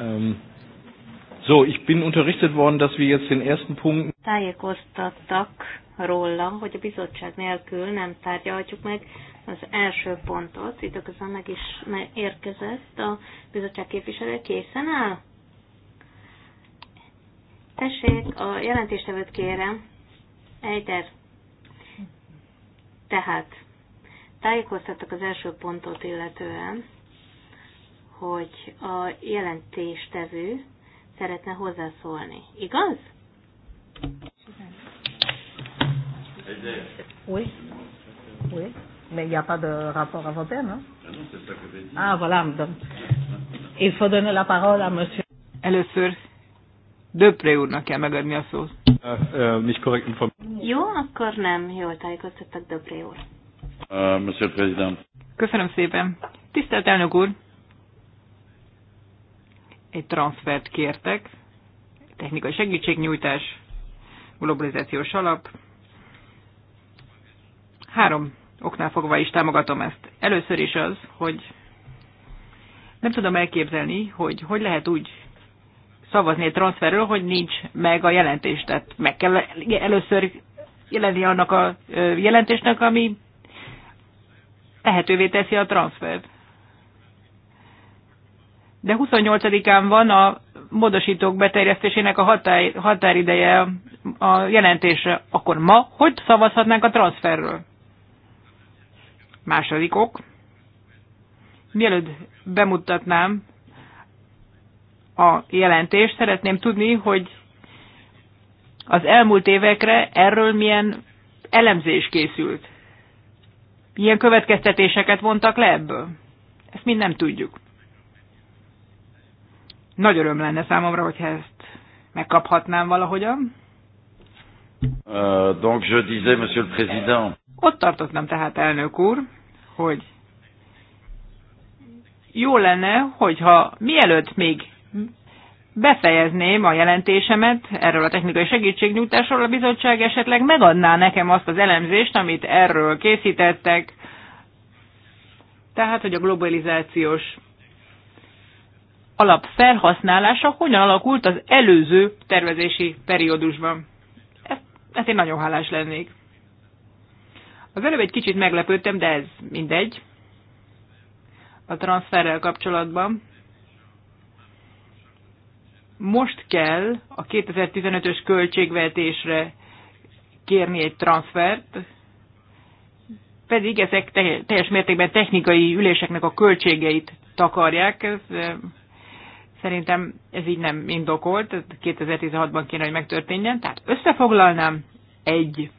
Ähm, so, ich bin unterrichtet worden, dass wir jetzt den ersten Punkt. Tájékoztattak róla, hogy a bizottság nélkül nem tárgyalhatjuk meg az első pontot. Itt a közben meg is érkezett a bizottság képviselő. Készen áll? Tessék, a jelentéstevőt kérem. Ejder. Tehát, tájékoztattak az első pontot illetően, hogy a jelentéstevő szeretne hozzászólni. Igaz? Oui. Oui. Mais il n'y a pas de rapport à voter, non Ah, ah voilà. Donc, il faut donner la parole à monsieur. Először Döpré úrnak kell megadni a szót. Ah, euh, Jó, akkor nem jól tájékoztattak Döpré úr. Ah, Köszönöm szépen. Tisztelt elnök úr! egy transfert kértek, technikai segítségnyújtás, globalizációs alap. Három oknál fogva is támogatom ezt. Először is az, hogy nem tudom elképzelni, hogy hogy lehet úgy szavazni egy transferről, hogy nincs meg a jelentés. Tehát meg kell először jelenni annak a jelentésnek, ami lehetővé teszi a transfert de 28-án van a módosítók beterjesztésének a határ, határideje a jelentésre. Akkor ma hogy szavazhatnánk a transferről? Második ok. Mielőtt bemutatnám a jelentést, szeretném tudni, hogy az elmúlt évekre erről milyen elemzés készült. Milyen következtetéseket vontak le ebből? Ezt mind nem tudjuk. Nagy öröm lenne számomra, hogyha ezt megkaphatnám valahogyan. Uh, donc je disais, monsieur le président. Ott tartottam tehát, elnök úr, hogy jó lenne, hogyha mielőtt még befejezném a jelentésemet erről a technikai segítségnyújtásról, a bizottság esetleg megadná nekem azt az elemzést, amit erről készítettek, tehát, hogy a globalizációs alap felhasználása hogyan alakult az előző tervezési periódusban. Ezt, ezt hát én nagyon hálás lennék. Az előbb egy kicsit meglepődtem, de ez mindegy. A transferrel kapcsolatban. Most kell a 2015-ös költségvetésre kérni egy transfert, pedig ezek teljes mértékben technikai üléseknek a költségeit takarják. Ez eh, Szerintem ez így nem indokolt, 2016-ban kéne, hogy megtörténjen. Tehát összefoglalnám, egy,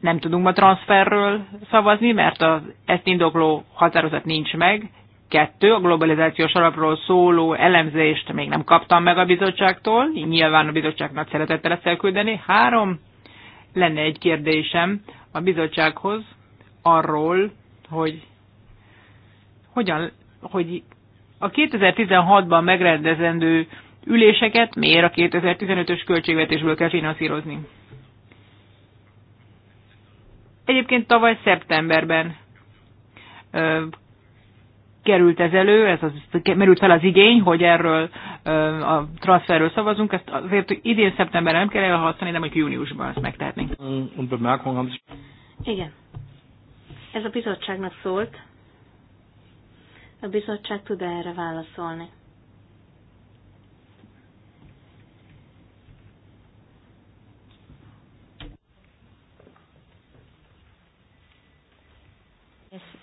nem tudunk ma transferről szavazni, mert az ezt indokló határozat nincs meg. Kettő, a globalizációs alapról szóló elemzést még nem kaptam meg a bizottságtól, nyilván a bizottság nagy szeretettel ezt elküldeni. Három, lenne egy kérdésem a bizottsághoz arról, hogy hogyan, hogy a 2016-ban megrendezendő üléseket miért a 2015-ös költségvetésből kell finanszírozni? Egyébként tavaly szeptemberben ö, került ez elő, ez az, merült fel az igény, hogy erről ö, a transferről szavazunk, ezt azért idén szeptemberben nem kell elhasználni, de mondjuk júniusban ezt megtehetnénk. Igen. Ez a bizottságnak szólt, a bizottság tud -e erre válaszolni?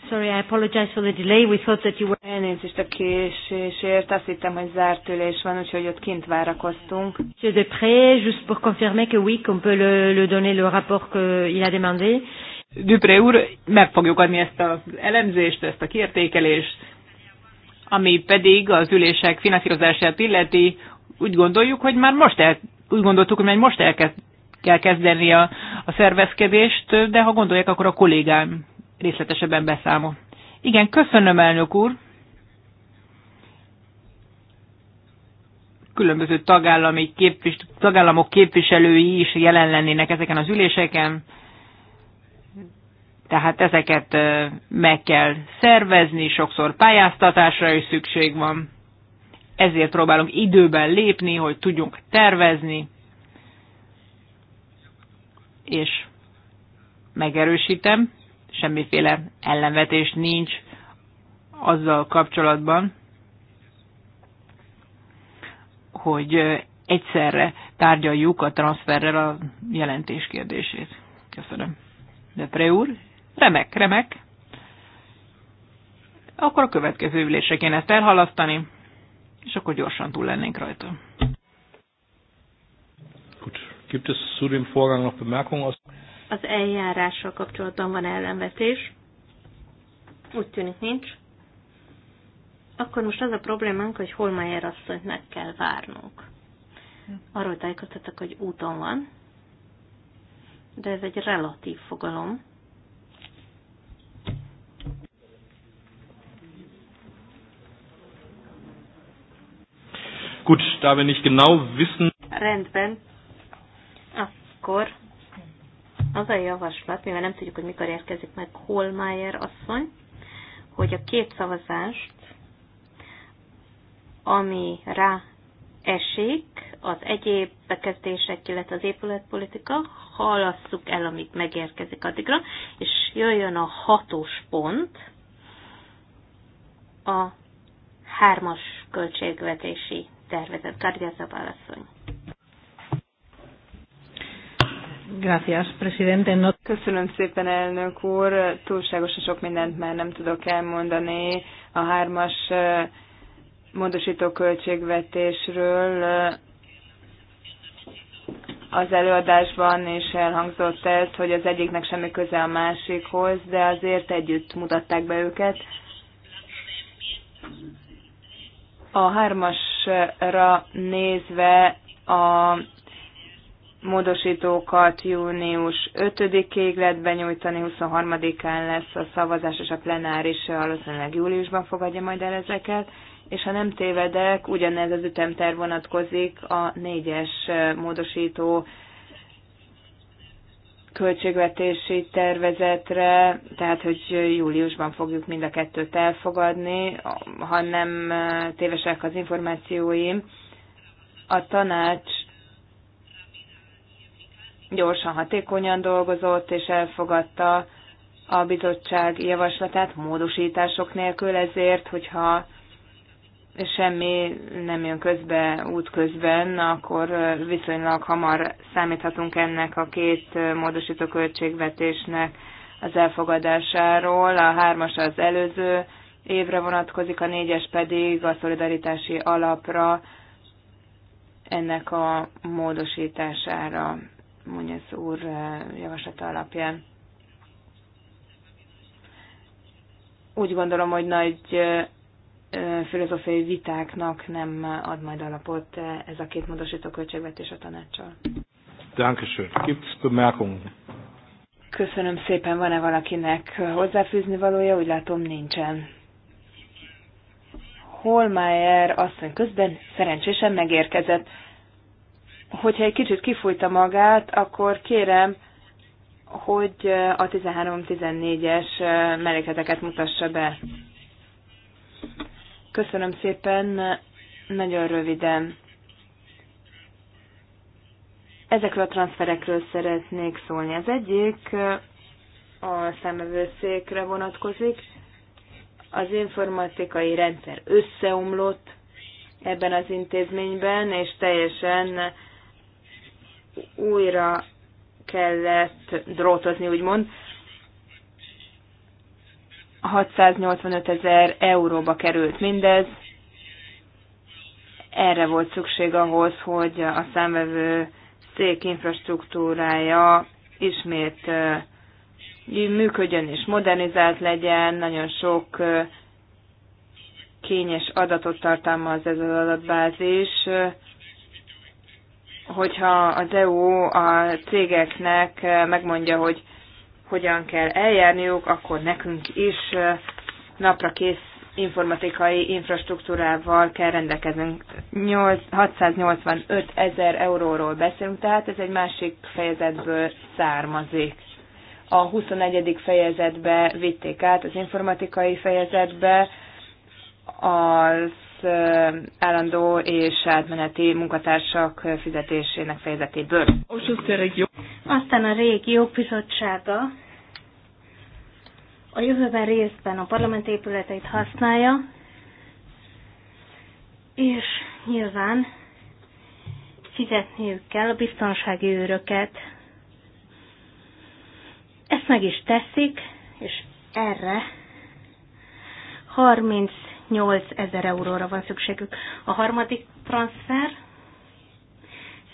Sorry, I apologize for the delay. We thought that you were... Elnézést a késésért. Azt hittem, hogy zárt ülés van, úgyhogy ott kint várakoztunk. Monsieur Depré, juste pour confirmer que oui, qu'on peut le, le donner le rapport qu'il a demandé. Dupré úr, meg fogjuk adni ezt az elemzést, ezt a kiértékelést. Ami pedig az ülések finanszírozását illeti, úgy gondoljuk, hogy már most el, úgy gondoltuk, hogy már most el kell kezdeni a, a szervezkedést, de ha gondolják, akkor a kollégám részletesebben beszámol. Igen, köszönöm, elnök úr. Különböző tagállami képvis, tagállamok képviselői is jelen lennének ezeken az üléseken. Tehát ezeket meg kell szervezni, sokszor pályáztatásra is szükség van. Ezért próbálunk időben lépni, hogy tudjunk tervezni, és megerősítem, semmiféle ellenvetés nincs azzal kapcsolatban, hogy egyszerre tárgyaljuk a transferrel a jelentés kérdését. Köszönöm. de Preúr, Remek, remek. Akkor a következő ülésre kéne ezt elhalasztani, és akkor gyorsan túl lennénk rajta. Gut. Gibt es zu dem Vorgang noch Bemerkungen aus? Az eljárással kapcsolatban van ellenvetés. Úgy tűnik nincs. Akkor most az a problémánk, hogy Holmeyer asszonyt meg kell várnunk. Arról tájékoztattak, hogy úton van, de ez egy relatív fogalom. Gut, da wir nicht genau wissen. Rendben. Akkor az a javaslat, mivel nem tudjuk, hogy mikor érkezik meg Holmeier asszony, hogy a két szavazást, ami rá esik, az egyéb bekezdések, illetve az épületpolitika, halasszuk el, amíg megérkezik addigra, és jöjjön a hatos pont, a hármas költségvetési tervezet. Kárdia Zabálasszony. Gracias, presidente. No... Köszönöm szépen, elnök úr. Túlságosan sok mindent már nem tudok elmondani. A hármas módosító költségvetésről az előadásban is elhangzott ez, hogy az egyiknek semmi köze a másikhoz, de azért együtt mutatták be őket. A hármas júniusra nézve a módosítókat június 5-ig lehet benyújtani, 23-án lesz a szavazás, és a plenáris valószínűleg júliusban fogadja majd el ezeket, és ha nem tévedek, ugyanez az ütemterv vonatkozik a négyes módosító költségvetési tervezetre, tehát hogy júliusban fogjuk mind a kettőt elfogadni, ha nem tévesek az információim. A tanács gyorsan, hatékonyan dolgozott és elfogadta a bizottság javaslatát módosítások nélkül, ezért, hogyha semmi nem jön közbe útközben, akkor viszonylag hamar számíthatunk ennek a két módosító költségvetésnek az elfogadásáról. A hármas az előző évre vonatkozik, a négyes pedig a szolidaritási alapra ennek a módosítására, mondja az úr eh, javaslata alapján. Úgy gondolom, hogy nagy eh, filozófiai vitáknak nem ad majd alapot ez a két módosító költségvetés a tanácssal. Bemerkungen? Köszönöm szépen. Van-e valakinek hozzáfűzni valója? Úgy látom, nincsen. Holmeier asszony közben szerencsésen megérkezett. Hogyha egy kicsit kifújta magát, akkor kérem, hogy a 13-14-es melléketeket mutassa be. Köszönöm szépen, nagyon röviden. Ezekről a transferekről szeretnék szólni. Az egyik a számövőszékre vonatkozik. Az informatikai rendszer összeomlott ebben az intézményben, és teljesen újra kellett drótozni, úgymond. 685 ezer euróba került mindez. Erre volt szükség ahhoz, hogy a számvevő szék infrastruktúrája ismét eh, működjön és modernizált legyen, nagyon sok eh, kényes adatot tartalmaz ez az adatbázis. Hogyha az EU a cégeknek eh, megmondja, hogy hogyan kell eljárniuk, akkor nekünk is napra kész informatikai infrastruktúrával kell rendelkeznünk. 685 ezer euróról beszélünk, tehát ez egy másik fejezetből származik. A 21. fejezetbe vitték át, az informatikai fejezetbe, az állandó és átmeneti munkatársak fizetésének fejezetéből. Aztán a régiók bizottsága a jövőben részben a parlament épületeit használja, és nyilván fizetniük kell a biztonsági őröket. Ezt meg is teszik, és erre 30 8000 euróra van szükségük. A harmadik transfer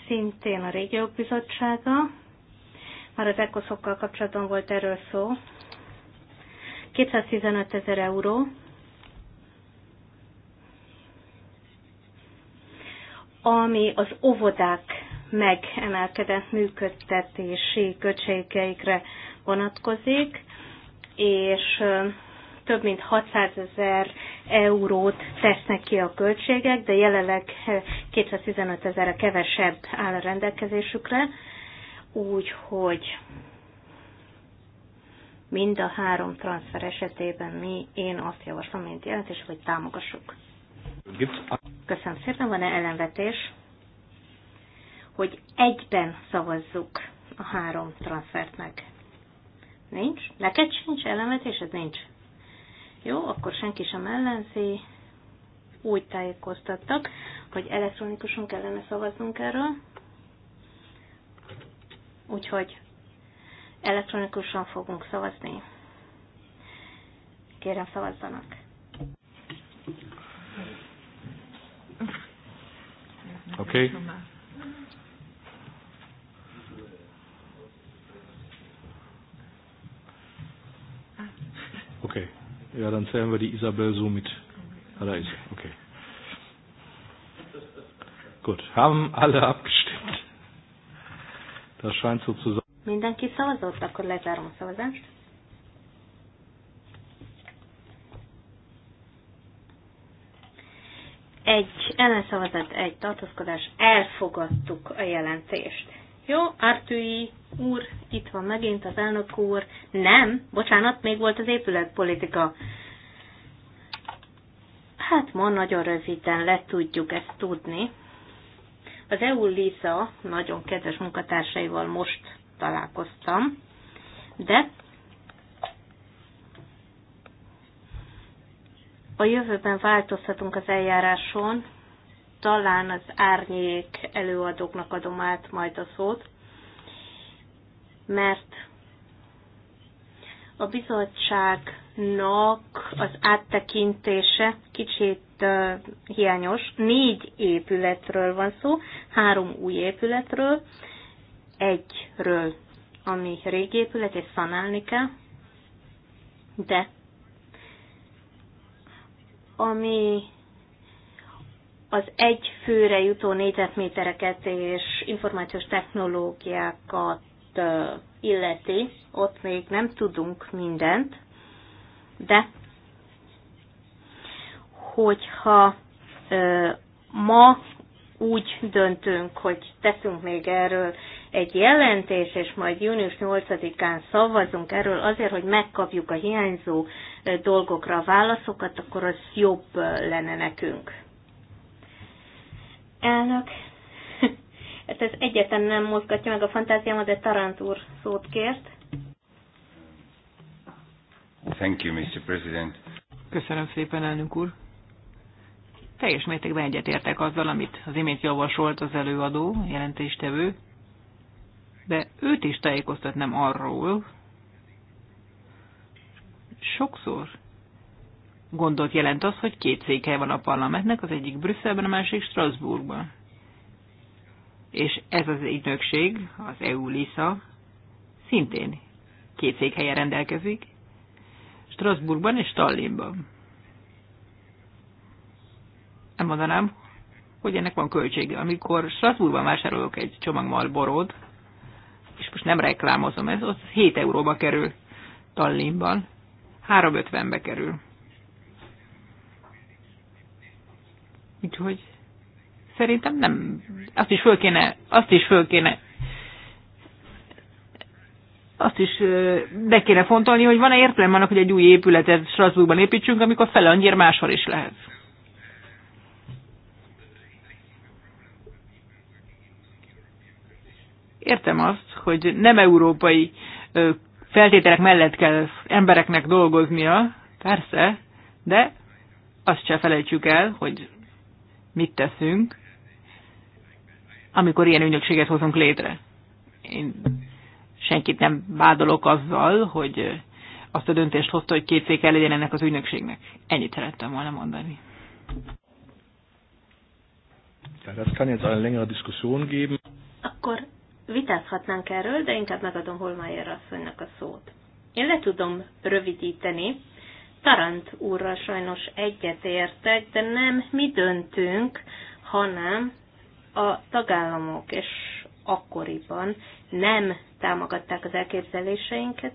szintén a régiók bizottsága, már az ECOSZ-okkal kapcsolatban volt erről szó, 215 ezer euró, ami az óvodák megemelkedett működtetési költségeikre vonatkozik, és több mint 600 ezer eurót tesznek ki a költségek, de jelenleg 215 eh, ezerre kevesebb áll a rendelkezésükre, úgyhogy mind a három transfer esetében mi, én azt javaslom, mint jelentés, hogy támogassuk. Köszönöm szépen, van-e ellenvetés, hogy egyben szavazzuk a három transfert meg? Nincs? Neked sincs Ez Nincs. Jó, akkor senki sem ellenzi. Úgy tájékoztattak, hogy elektronikusan kellene szavaznunk erről. Úgyhogy elektronikusan fogunk szavazni. Kérem, szavazzanak. Okay. Ja, dann zählen wir die Isabel so mit. Ah, da ist sie. Okay. Gut. Haben alle abgestimmt? Das scheint so zu sein. Mindenki szavazott, akkor lezárom a szavazást. Egy ellenszavazat, egy tartózkodás, elfogadtuk a jelentést. Jó, Artui úr, itt van megint az elnök úr. Nem, bocsánat, még volt az épületpolitika. Hát ma nagyon röviden le tudjuk ezt tudni. Az EU Lisa nagyon kedves munkatársaival most találkoztam, de a jövőben változtatunk az eljáráson, talán az árnyék előadóknak adom át majd a szót, mert a bizottságnak az áttekintése kicsit hiányos. Négy épületről van szó, három új épületről, egyről, ami régi épület, és szanálni kell, de ami az egy főre jutó négyzetmétereket és információs technológiákat illeti, ott még nem tudunk mindent, de hogyha ma úgy döntünk, hogy teszünk még erről egy jelentést, és majd június 8-án szavazunk erről azért, hogy megkapjuk a hiányzó dolgokra a válaszokat, akkor az jobb lenne nekünk. Elnök, ezt ez egyetlen nem mozgatja meg a fantáziámat, de Tarant úr szót kért. Thank you, Mr. President. Köszönöm szépen, elnök úr. Teljes mértékben egyetértek azzal, amit az imént javasolt az előadó, jelentéstevő, de őt is tájékoztatnám arról, sokszor gondot jelent az, hogy két székhely van a parlamentnek, az egyik Brüsszelben, a másik Strasbourgban. És ez az ügynökség, az EU-LISA, szintén két székhelyen rendelkezik, Strasbourgban és Tallinnban. Nem mondanám, hogy ennek van költsége. Amikor Strasbourgban vásárolok egy csomag borod, és most nem reklámozom, ez az 7 euróba kerül Tallinnban, 3,50-be kerül. Úgyhogy szerintem nem, azt is föl kéne, azt is föl kéne azt is be kéne fontolni, hogy van-e értelem annak, hogy egy új épületet Strasbourgban építsünk, amikor fele annyira máshol is lehet. Értem azt, hogy nem európai feltételek mellett kell embereknek dolgoznia, persze, de azt se felejtsük el, hogy mit teszünk, amikor ilyen ügynökséget hozunk létre. Én senkit nem vádolok azzal, hogy azt a döntést hozta, hogy két szék legyen ennek az ügynökségnek. Ennyit szerettem volna mondani. Das kann jetzt eine längere Diskussion geben. Akkor vitázhatnánk erről, de inkább megadom Holmeier asszonynak a szót. Én le tudom rövidíteni, Tarant úrral sajnos egyetértek, de nem mi döntünk, hanem a tagállamok, és akkoriban nem támogatták az elképzeléseinket,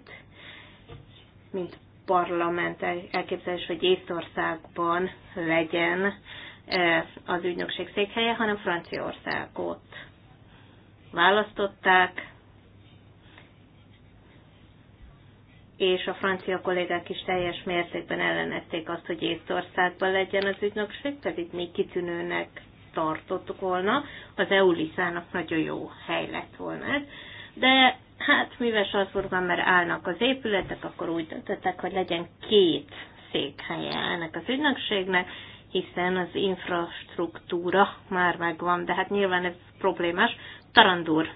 mint parlament elképzelés, hogy Észországban legyen e, az ügynökség székhelye, hanem Franciaországot választották, és a francia kollégák is teljes mértékben ellenezték azt, hogy Észtországban legyen az ügynökség, pedig mi kitűnőnek tartottuk volna. Az eu nak nagyon jó hely lett volna ez. De hát mivel Salzburgban már állnak az épületek, akkor úgy döntöttek, hogy legyen két székhelye ennek az ügynökségnek, hiszen az infrastruktúra már megvan, de hát nyilván ez problémás. Tarandúr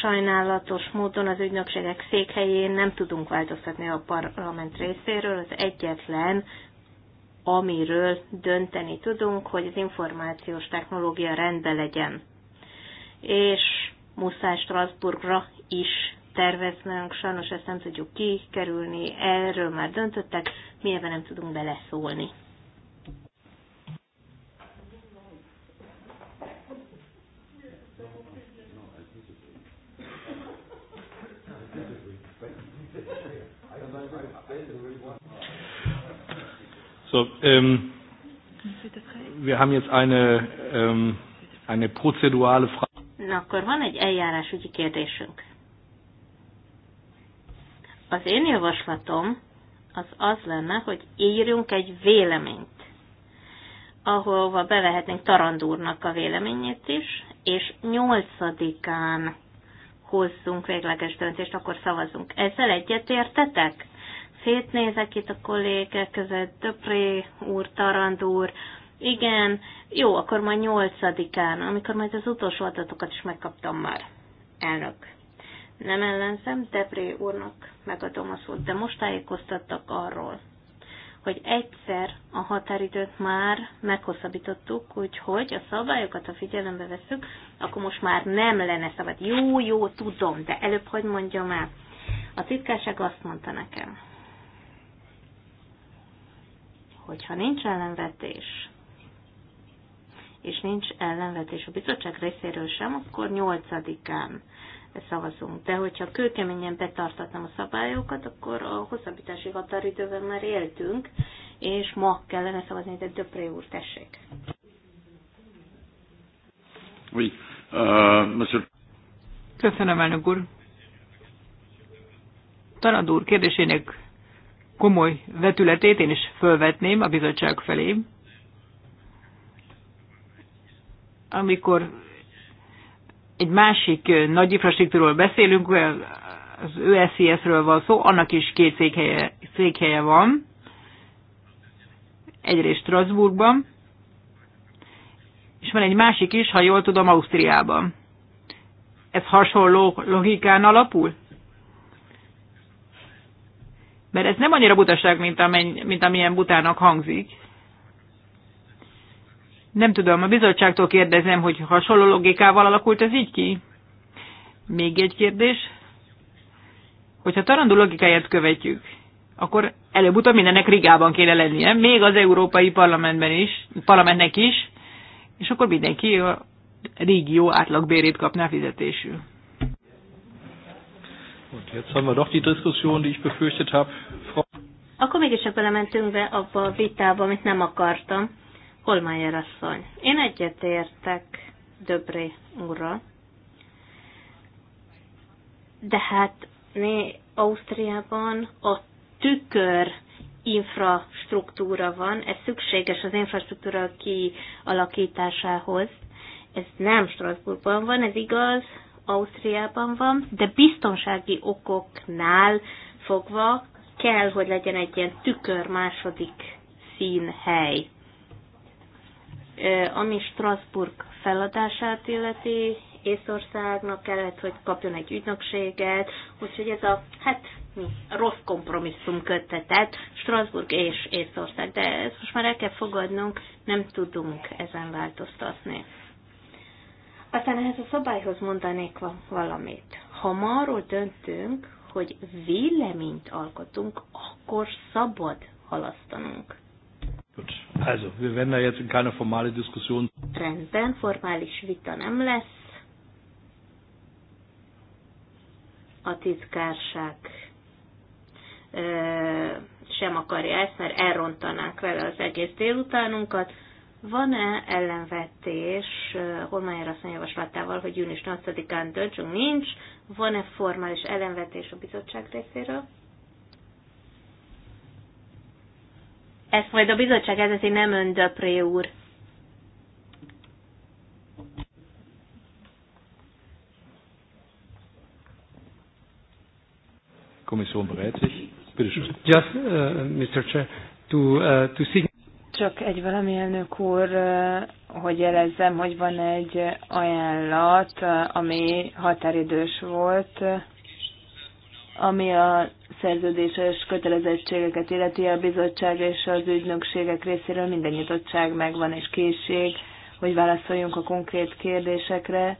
Sajnálatos módon az ügynökségek székhelyén nem tudunk változtatni a parlament részéről. Az egyetlen, amiről dönteni tudunk, hogy az információs technológia rendben legyen. És muszáj Strasbourgra is terveznünk, sajnos ezt nem tudjuk kikerülni, erről már döntöttek, mi ebben nem tudunk beleszólni. So, ähm, wir haben jetzt eine, ähm, eine prozedurale Frage. Na, akkor van egy eljárásügyi kérdésünk. Az én javaslatom az az lenne, hogy írjunk egy véleményt, ahova bevehetnénk Tarandúrnak a véleményét is, és nyolcadikán hozzunk végleges döntést, akkor szavazunk. Ezzel egyetértetek? szétnézek itt a kollégek között, Töpré úr, Tarand úr, igen, jó, akkor majd nyolcadikán, amikor majd az utolsó adatokat is megkaptam már. Elnök. Nem ellenzem, Debré úrnak megadom a szót, de most tájékoztattak arról, hogy egyszer a határidőt már meghosszabbítottuk, úgyhogy a szabályokat, ha figyelembe veszük, akkor most már nem lenne szabad. Jó, jó, tudom, de előbb hogy mondjam el? A titkárság azt mondta nekem, hogyha nincs ellenvetés, és nincs ellenvetés a bizottság részéről sem, akkor 8-án szavazunk. De hogyha kőkeményen betartatnám a szabályokat, akkor a hosszabbítási határidővel már éltünk, és ma kellene szavazni, de Döpré úr, tessék. Oui. Uh, Köszönöm, elnök úr. Tanad úr kérdésének komoly vetületét én is fölvetném a bizottság felé. Amikor egy másik nagy infrastruktúról beszélünk, az ÖSZIS-ről van szó, annak is két székhelye, székhelye van. Egyrészt Strasbourgban, és van egy másik is, ha jól tudom, Ausztriában. Ez hasonló logikán alapul? Mert ez nem annyira butaság, mint, amenny, mint amilyen butának hangzik. Nem tudom, a bizottságtól kérdezem, hogy hasonló logikával alakult ez így ki? Még egy kérdés. Hogyha tarandó logikáját követjük, akkor előbb-utóbb mindennek Rigában kéne lennie, még az Európai Parlamentben is, parlamentnek is, és akkor mindenki a régió átlagbérét kapná fizetésül. Und jetzt haben wir doch die Diskussion, die ich befürchtet habe. Frau Akkor mégiscsak belementünk be abba a vitába, amit nem akartam. Holmájer asszony. Én egyetértek Döbré úrral. De hát mi Ausztriában a tükör infrastruktúra van, ez szükséges az infrastruktúra kialakításához. Ez nem Strasbourgban van, ez igaz, Ausztriában van, de biztonsági okoknál fogva kell, hogy legyen egy ilyen tükör második színhely, ami Strasbourg feladását illeti, Észországnak kellett, hogy kapjon egy ügynökséget, úgyhogy ez a, hát mi, rossz kompromisszum kötetett, Strasbourg és Észország, de ezt most már el kell fogadnunk, nem tudunk ezen változtatni. Aztán ehhez a szabályhoz mondanék valamit. Ha ma arról döntünk, hogy véleményt alkotunk, akkor szabad halasztanunk. Gut. Also, wir werden da jetzt in keine formale Diskussion. Rendben, formális vita nem lesz. A titkárság ö, sem akarja ezt, mert elrontanák vele az egész délutánunkat. Van-e ellenvetés Holmájer asszony javaslatával, hogy június 8-án döntsünk? Nincs. Van-e formális ellenvetés a bizottság részéről? Ezt majd a bizottság ezeti nem Döpré úr. Kommission bereit sich. Bitte schön. Just, uh, äh, Mr. Chair, to, uh, to see csak egy valami elnök úr, eh, hogy jelezzem, hogy van egy ajánlat, eh, ami határidős volt, eh, ami a szerződéses kötelezettségeket illeti a bizottság és az ügynökségek részéről minden nyitottság megvan és készség, hogy válaszoljunk a konkrét kérdésekre,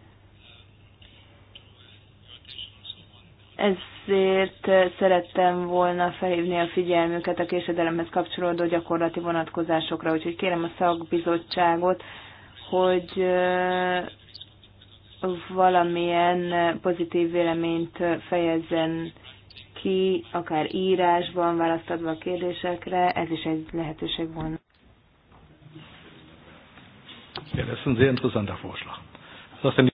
Ezért szerettem volna felhívni a figyelmüket a késedelemhez kapcsolódó gyakorlati vonatkozásokra, úgyhogy kérem a szakbizottságot, hogy valamilyen pozitív véleményt fejezzen ki, akár írásban választadva a kérdésekre, ez is egy lehetőség volna. Ja, ez egy nagyon érdekes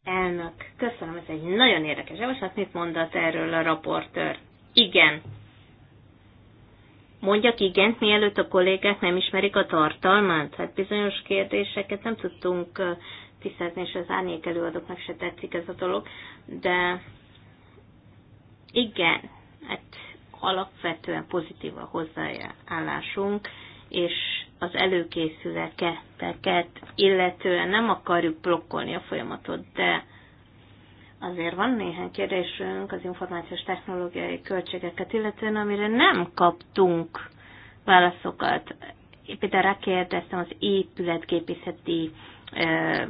Elnök, köszönöm egy nagyon érdekes javaslat. Mit mondott erről a raportőr? Igen. Mondjak igent, mielőtt a kollégák nem ismerik a tartalmat? Hát bizonyos kérdéseket nem tudtunk tisztázni, és az árnyék előadóknak se tetszik ez a dolog, de igen, hát alapvetően pozitív a hozzáállásunk, és az előkészületeket illetően nem akarjuk blokkolni a folyamatot, de azért van néhány kérdésünk az információs technológiai költségeket, illetően amire nem kaptunk válaszokat. Például rákérdeztem az épületgépészeti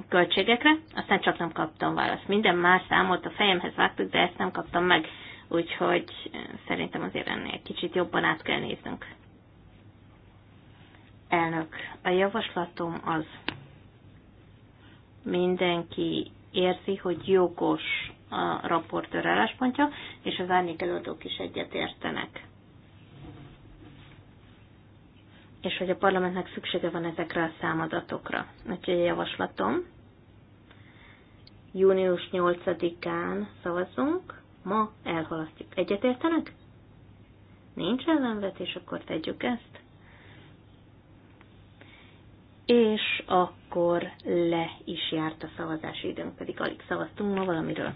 költségekre, aztán csak nem kaptam választ. Minden más számot a fejemhez vágtuk, de ezt nem kaptam meg, úgyhogy szerintem azért ennél kicsit jobban át kell néznünk. Elnök, a javaslatom az mindenki érzi, hogy jogos a raportőr álláspontja, és az árnyékelőadók is egyet értenek. És hogy a parlamentnek szüksége van ezekre a számadatokra. Úgyhogy a javaslatom, június 8-án szavazunk, ma elhalasztjuk. Egyetértenek? Nincs ellenvetés, akkor tegyük ezt és akkor le is járt a szavazási időnk, pedig alig szavaztunk ma valamiről.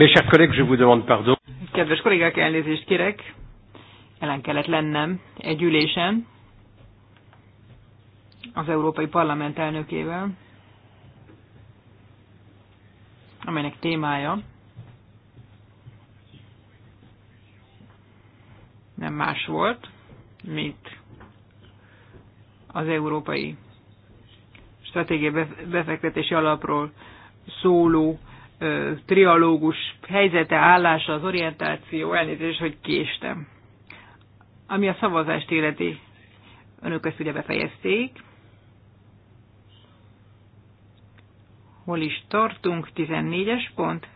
Mes chers collègues, je vous demande pardon. Kedves kollégák, elnézést kérek. Ellen kellett lennem egy ülésen az Európai Parlament elnökével, amelynek témája nem más volt, mint az Európai Stratégiai Befektetési Alapról szóló trialógus helyzete, állása, az orientáció, elnézés, hogy késtem. Ami a szavazást életi önök ezt ugye befejezték. Hol is tartunk? 14-es pont?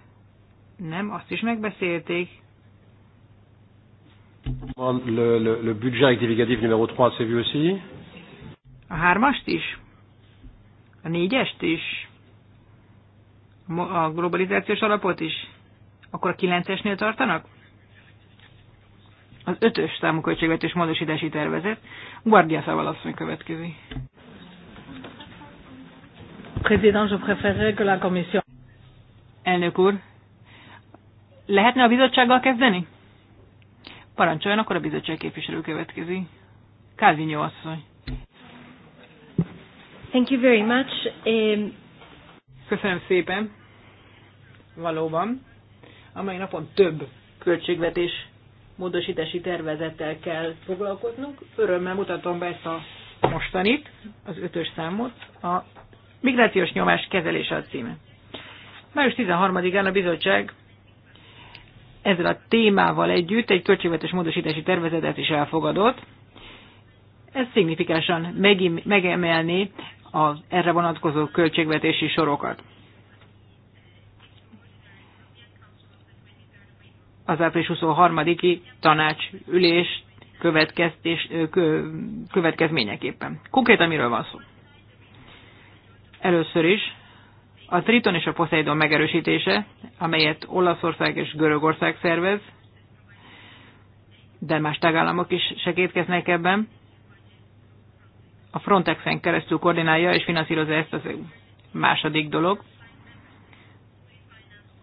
Nem, azt is megbeszélték. Le, le, le budget rectificatif numéro 3, c'est vu aussi? A hármast is? A négyest is? a globalizációs alapot is? Akkor a 9-esnél tartanak? Az 5-ös számú költségvetés módosítási tervezet. Guardia szával következik. mondja je Elnök úr, lehetne a bizottsággal kezdeni? Parancsoljon, akkor a bizottság képviselő következik. Kázinyó asszony. Thank you very much. Um, Köszönöm szépen. Valóban. A mai napon több költségvetés módosítási tervezettel kell foglalkoznunk. Örömmel mutatom be ezt a mostanit, az ötös számot, a migrációs nyomás kezelése a címe. Május 13-án a bizottság ezzel a témával együtt egy költségvetés módosítási tervezetet is elfogadott. Ez szignifikánsan megemelni az erre vonatkozó költségvetési sorokat. Az április 23-i tanácsülés következményeképpen. Konkrétan miről van szó? Először is a Triton és a Poseidon megerősítése, amelyet Olaszország és Görögország szervez, de más tagállamok is segítkeznek ebben a Frontexen keresztül koordinálja és finanszírozza ezt, az második dolog.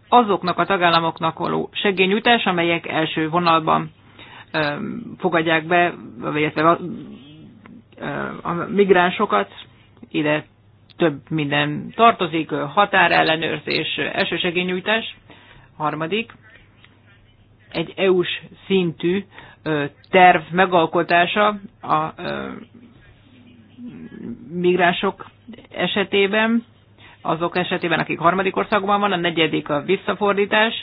Azoknak a tagállamoknak való segényújtás, amelyek első vonalban fogadják be, illetve a, a migránsokat, ide több minden tartozik, határellenőrzés, elsősegényújtás, harmadik, egy EU-s szintű terv megalkotása a migránsok esetében, azok esetében, akik harmadik országban van, a negyedik a visszafordítás,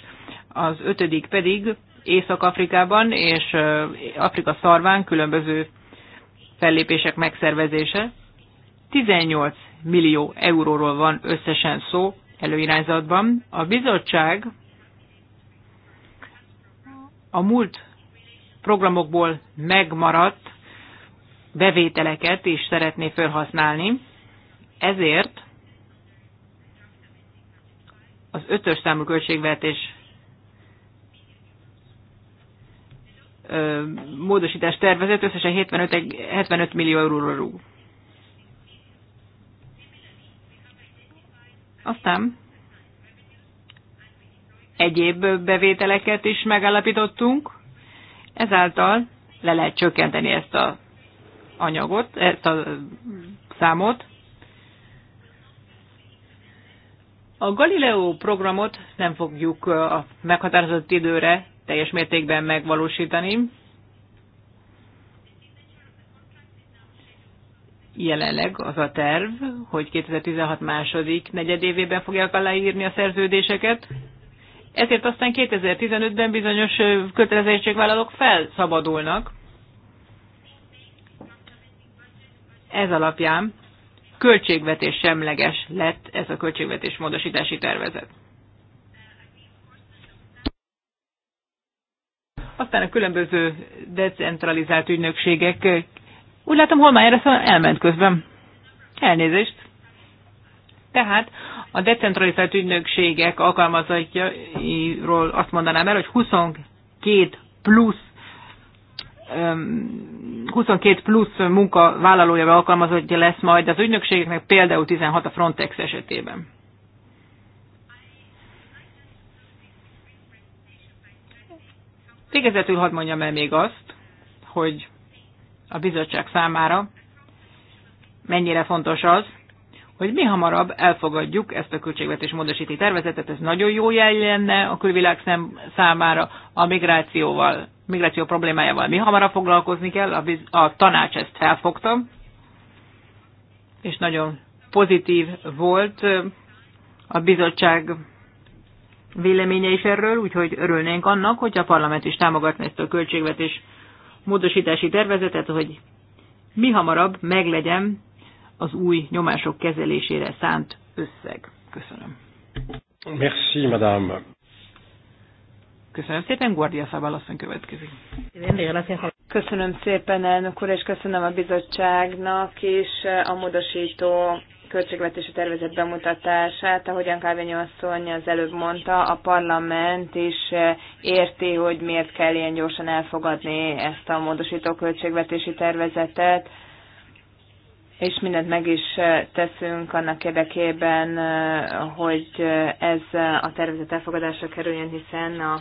az ötödik pedig Észak-Afrikában és Afrika szarván különböző fellépések megszervezése. 18 millió euróról van összesen szó előirányzatban. A bizottság a múlt programokból megmaradt bevételeket is szeretné felhasználni. Ezért az ötös számú költségvetés módosítás tervezet összesen 75, 75 millió euróra rúg. Aztán egyéb bevételeket is megállapítottunk, ezáltal le lehet csökkenteni ezt a anyagot, ezt a számot. A Galileo programot nem fogjuk a meghatározott időre teljes mértékben megvalósítani. Jelenleg az a terv, hogy 2016 második negyedévében fogják aláírni a szerződéseket, ezért aztán 2015-ben bizonyos kötelezettségvállalók felszabadulnak. ez alapján költségvetés semleges lett ez a költségvetés módosítási tervezet. Aztán a különböző decentralizált ügynökségek, úgy látom Holmájára szóval elment közben. Elnézést. Tehát a decentralizált ügynökségek alkalmazatjairól azt mondanám el, hogy 22 plusz 22 plusz munkavállalója vagy alkalmazottja lesz majd az ügynökségeknek, például 16 a Frontex esetében. Végezetül hadd mondjam el még azt, hogy a bizottság számára mennyire fontos az, hogy mi hamarabb elfogadjuk ezt a költségvetés módosíti tervezetet, ez nagyon jó jel lenne a külvilág szem számára, a migrációval migráció problémájával mi hamarabb foglalkozni kell, a, biz, a tanács ezt felfogta, és nagyon pozitív volt a bizottság véleménye is erről, úgyhogy örülnénk annak, hogy a parlament is támogatna ezt a költségvetés módosítási tervezetet, hogy mi hamarabb meglegyen az új nyomások kezelésére szánt összeg. Köszönöm. Merci, madame. Köszönöm szépen, Guardia Szabalasszony következik. Köszönöm szépen, elnök úr, és köszönöm a bizottságnak is a módosító költségvetési tervezet bemutatását. Ahogyan Kávényi asszony az előbb mondta, a parlament is érti, hogy miért kell ilyen gyorsan elfogadni ezt a módosító költségvetési tervezetet és mindent meg is eh, teszünk annak érdekében, eh, hogy eh, ez a tervezet elfogadásra kerüljön, hiszen a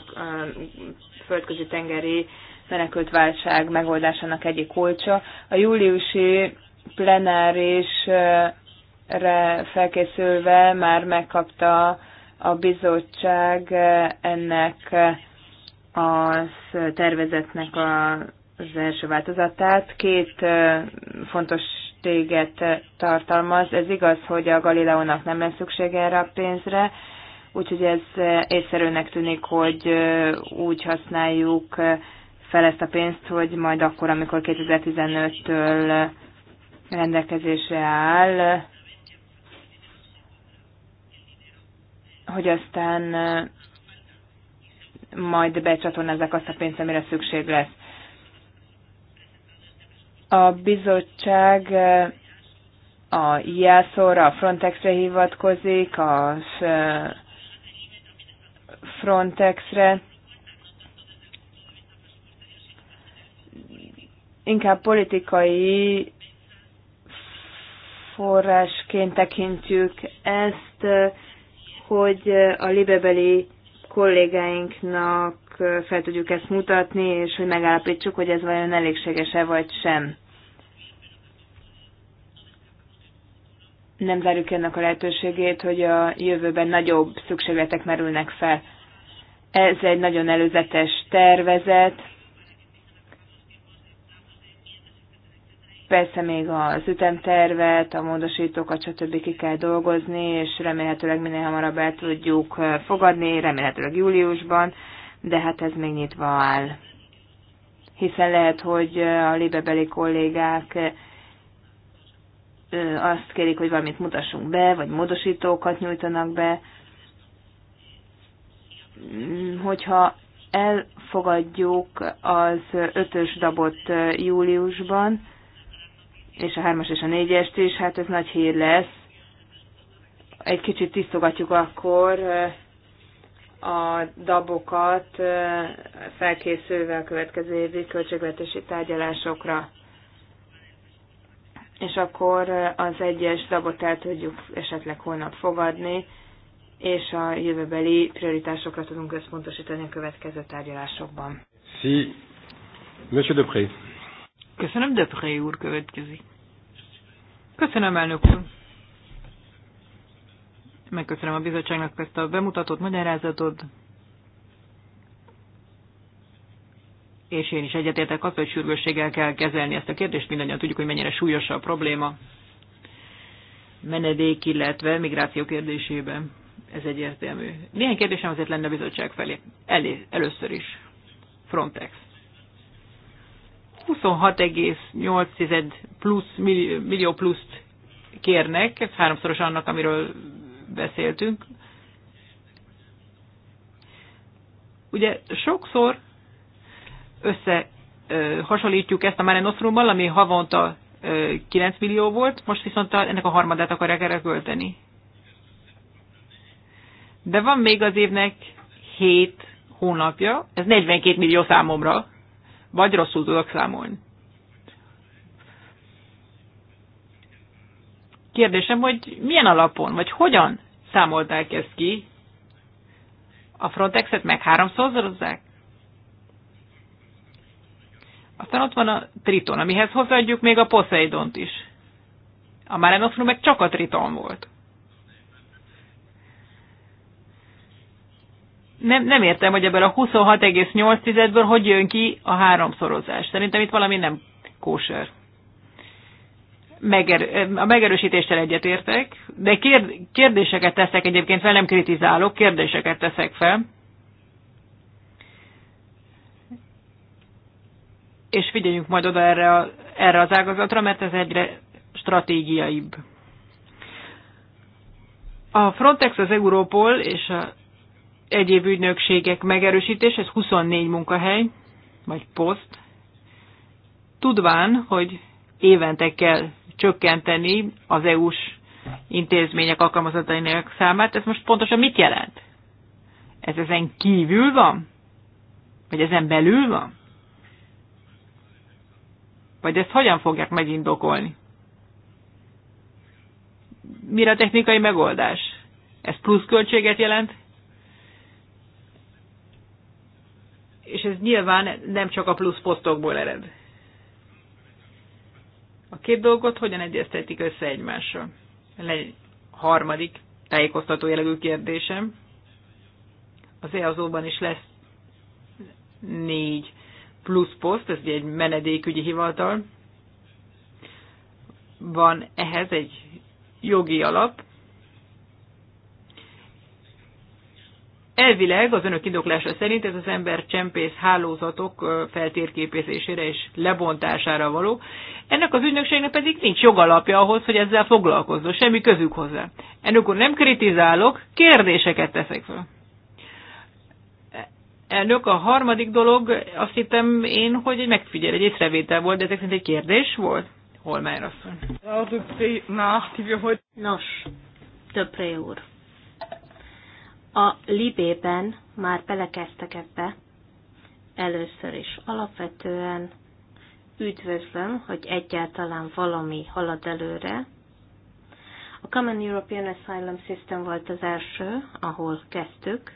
földközi tengeri menekült válság megoldásának egyik kulcsa. A júliusi plenárisre felkészülve már megkapta a bizottság ennek a tervezetnek az első változatát. Két fontos költséget tartalmaz. Ez igaz, hogy a Galileónak nem lesz szüksége erre a pénzre, úgyhogy ez észszerűnek tűnik, hogy úgy használjuk fel ezt a pénzt, hogy majd akkor, amikor 2015-től rendelkezésre áll, hogy aztán majd becsatornázzák azt a pénzt, amire szükség lesz. A bizottság eh, a jelszóra, a Frontexre hivatkozik, a eh, Frontexre. Inkább politikai forrásként tekintjük ezt, hogy a libebeli kollégáinknak fel tudjuk ezt mutatni, és hogy megállapítsuk, hogy ez vajon elégséges-e vagy sem. Nem zárjuk ennek a lehetőségét, hogy a jövőben nagyobb szükségletek merülnek fel. Ez egy nagyon előzetes tervezet. Persze még az ütemtervet, a módosítókat, stb. ki kell dolgozni, és remélhetőleg minél hamarabb el tudjuk fogadni, remélhetőleg júliusban de hát ez még nyitva áll. Hiszen lehet, hogy a libebeli kollégák azt kérik, hogy valamit mutassunk be, vagy módosítókat nyújtanak be. Mm, hogyha elfogadjuk az ötös dabot júliusban, és a hármas és a négyest is, hát ez nagy hír lesz. Egy kicsit tisztogatjuk akkor a dabokat felkészülve a következő évi költségvetési tárgyalásokra. És akkor az egyes dabot el tudjuk esetleg holnap fogadni, és a jövőbeli prioritásokra tudunk összpontosítani a következő tárgyalásokban. Si. Monsieur Depré. Köszönöm, Depré úr következik. Köszönöm, elnök úr. Megköszönöm a bizottságnak ezt a bemutatott magyarázatot. És én is egyetértek azt, hogy sürgősséggel kell kezelni ezt a kérdést. Mindannyian tudjuk, hogy mennyire súlyos a probléma menedék, illetve migráció kérdésében. Ez egyértelmű. Milyen kérdésem azért lenne a bizottság felé? Elé, először is. Frontex. 26,8 plusz, millió pluszt kérnek, ez háromszoros annak, amiről beszéltünk. Ugye sokszor összehasonlítjuk ezt a Mare Nostrummal, ami havonta 9 millió volt, most viszont ennek a harmadát akarják erre költeni. De van még az évnek 7 hónapja, ez 42 millió számomra, vagy rosszul tudok számolni. Kérdésem, hogy milyen alapon, vagy hogyan számolták ezt ki. A Frontexet meg háromszorozzák? Aztán ott van a Triton, amihez hozzáadjuk még a Poseidont is. A Mare meg csak a Triton volt. nem, nem értem, hogy ebből a 26,8-ből hogy jön ki a háromszorozás. Szerintem itt valami nem kóser meger, a megerősítéssel egyetértek, de kérdéseket teszek egyébként fel, nem kritizálok, kérdéseket teszek fel. És figyeljünk majd oda erre, a, erre az ágazatra, mert ez egyre stratégiaibb. A Frontex, az Europol és a egyéb ügynökségek megerősítés, ez 24 munkahely, vagy poszt, tudván, hogy évente kell csökkenteni az EU-s intézmények alkalmazatainak számát. Ez most pontosan mit jelent? Ez ezen kívül van? Vagy ezen belül van? Vagy ezt hogyan fogják megindokolni? Mire a technikai megoldás? Ez plusz költséget jelent? És ez nyilván nem csak a plusz posztokból ered a két dolgot hogyan egyeztetik össze egymással? Egy harmadik tájékoztató jellegű kérdésem. Az EAZO-ban is lesz négy plusz poszt, ez egy menedékügyi hivatal. Van ehhez egy jogi alap, Elvileg az önök indoklása szerint ez az ember csempész hálózatok feltérképezésére és lebontására való. Ennek az ügynökségnek pedig nincs jogalapja ahhoz, hogy ezzel foglalkozzon, semmi közük hozzá. Ennek nem kritizálok, kérdéseket teszek fel. Elnök, a harmadik dolog, azt hittem én, hogy egy megfigyel, egy észrevétel volt, de ezek szerint egy kérdés volt. Holmár asszony. Nos, több úr a Libében már belekezdtek ebbe először is. Alapvetően üdvözlöm, hogy egyáltalán valami halad előre. A Common European Asylum System volt az első, ahol kezdtük,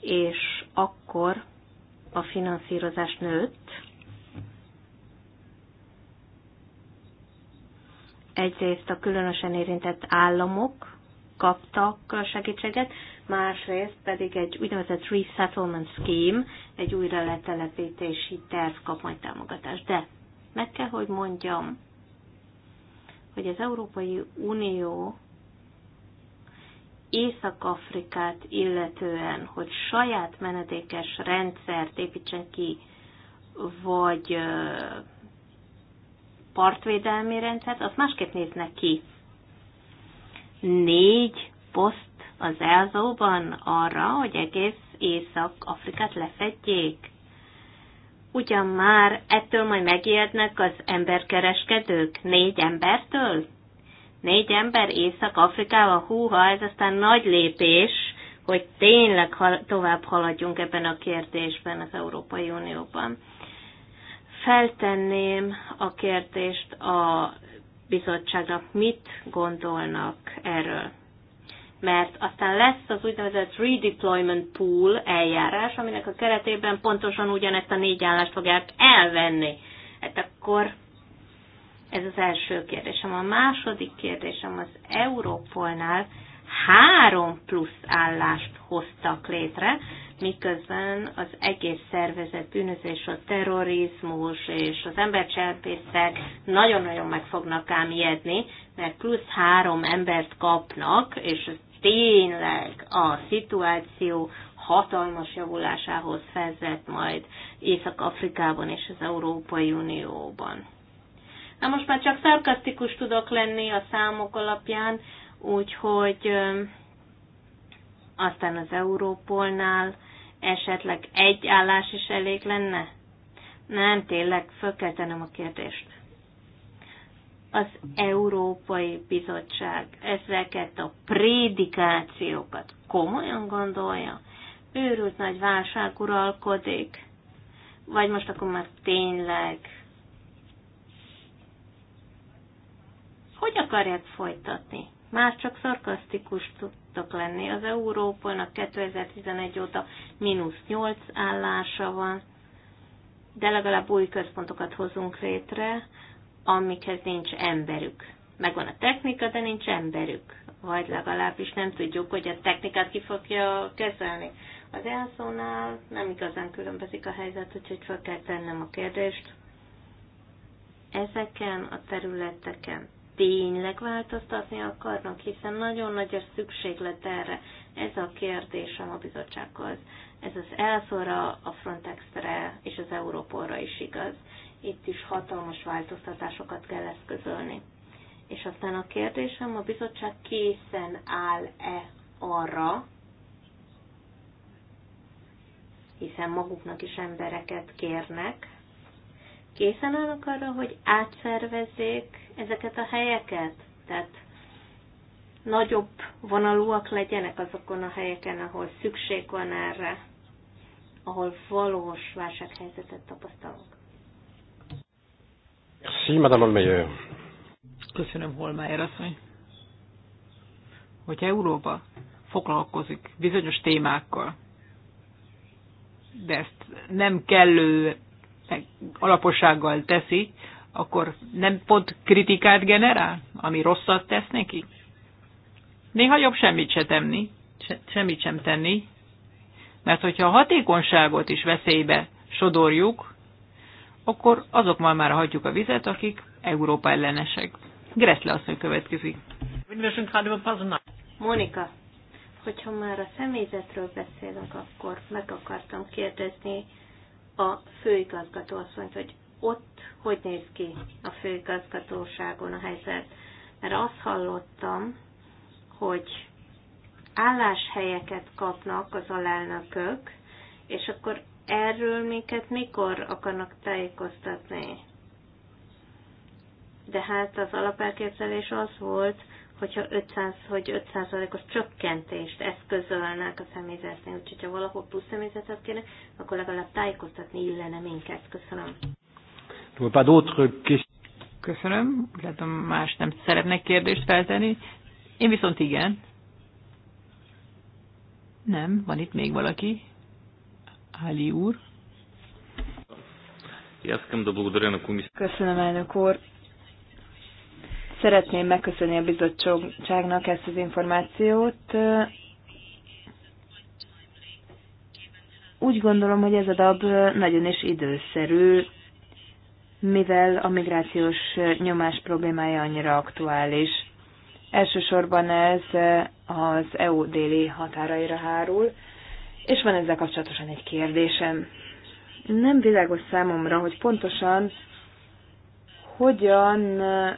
és akkor a finanszírozás nőtt. Egyrészt a különösen érintett államok kaptak segítséget, másrészt pedig egy úgynevezett resettlement scheme, egy újra letelepítési terv kap majd támogatást. De meg kell, hogy mondjam, hogy az Európai Unió Észak-Afrikát illetően, hogy saját menedékes rendszert építsen ki, vagy partvédelmi rendszert, az másképp néznek ki. Négy poszt az elzóban arra, hogy egész Észak-Afrikát lefedjék. Ugyan már ettől majd megijednek az emberkereskedők? Négy embertől? Négy ember Észak-Afrikába? Húha, ez aztán nagy lépés, hogy tényleg hal- tovább haladjunk ebben a kérdésben az Európai Unióban. Feltenném a kérdést a bizottságnak, mit gondolnak erről mert aztán lesz az úgynevezett redeployment pool eljárás, aminek a keretében pontosan ugyanezt a négy állást fogják elvenni. Hát akkor ez az első kérdésem. A második kérdésem az Európolnál három plusz állást hoztak létre, miközben az egész szervezet bűnözés, a terrorizmus és az embercsempészek nagyon-nagyon meg fognak ám ijedni, mert plusz három embert kapnak, és ez tényleg a szituáció hatalmas javulásához vezet majd Észak-Afrikában és az Európai Unióban. Na most már csak szarkasztikus tudok lenni a számok alapján, úgyhogy aztán az Európolnál esetleg egy állás is elég lenne? Nem, tényleg, föl kell tennem a kérdést az Európai Bizottság ezeket a prédikációkat komolyan gondolja, őrült nagy válság uralkodik, vagy most akkor már tényleg hogy akarják folytatni? Már csak szarkasztikus tudtak lenni. Az Európának 2011 óta mínusz 8 állása van, de legalább új központokat hozunk létre, amikhez nincs emberük. Megvan a technika, de nincs emberük. Vagy legalábbis nem tudjuk, hogy a technikát ki fogja kezelni. Az elszónál nem igazán különbözik a helyzet, úgyhogy fel kell tennem a kérdést. Ezeken a területeken tényleg változtatni akarnak, hiszen nagyon nagy a szükséglet erre. Ez a kérdésem a bizottsághoz. Ez az elszóra, a Frontexre és az Európolra is igaz itt is hatalmas változtatásokat kell eszközölni. És aztán a kérdésem, a bizottság készen áll-e arra, hiszen maguknak is embereket kérnek, készen állnak arra, hogy átszervezzék ezeket a helyeket? Tehát nagyobb vonalúak legyenek azokon a helyeken, ahol szükség van erre, ahol valós válsághelyzetet tapasztalunk. Merci, Madame Holmeyer. Köszönöm, Holmeyer asszony. Hogyha Európa foglalkozik bizonyos témákkal, de ezt nem kellő alapossággal teszi, akkor nem pont kritikát generál, ami rosszat tesz neki? Néha jobb semmit se tenni, se, semmit sem tenni, mert hogyha a hatékonyságot is veszélybe sodorjuk, akkor azok már már hagyjuk a vizet, akik Európa ellenesek. Gressle asszony következik. Monika, hogyha már a személyzetről beszélünk, akkor meg akartam kérdezni a főigazgató asszonyt, hogy ott hogy néz ki a főigazgatóságon a helyzet. Mert azt hallottam, hogy álláshelyeket kapnak az alelnökök, és akkor Erről minket mikor akarnak tájékoztatni? De hát az alapelképzelés az volt, hogyha 500, hogy 5%-os csökkentést eszközölnek a személyzetnél, úgyhogy ha valahol plusz személyzetet kéne, akkor legalább tájékoztatni illene minket. Köszönöm. Köszönöm. Látom, más nem szeretnek kérdést feltenni. Én viszont igen. Nem, van itt még valaki. Hali úr. Köszönöm, elnök úr. Szeretném megköszönni a bizottságnak ezt az információt. Úgy gondolom, hogy ez a DAB nagyon is időszerű, mivel a migrációs nyomás problémája annyira aktuális. Elsősorban ez az EU déli határaira hárul, és van ezzel kapcsolatosan egy kérdésem. Nem világos számomra, hogy pontosan hogyan eh,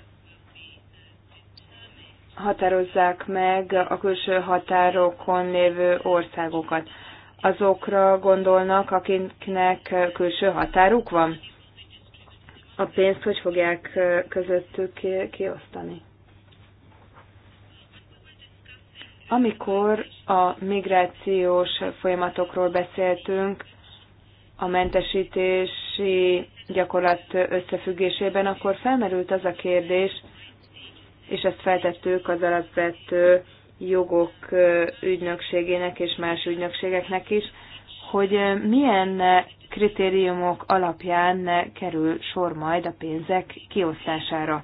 határozzák meg a külső határokon lévő országokat. Azokra gondolnak, akiknek külső határuk van? A pénzt hogy fogják eh, közöttük kiosztani? Amikor a migrációs folyamatokról beszéltünk, a mentesítési gyakorlat összefüggésében, akkor felmerült az a kérdés, és ezt feltettük az alapvető jogok ügynökségének és más ügynökségeknek is, hogy milyen kritériumok alapján kerül sor majd a pénzek kiosztására.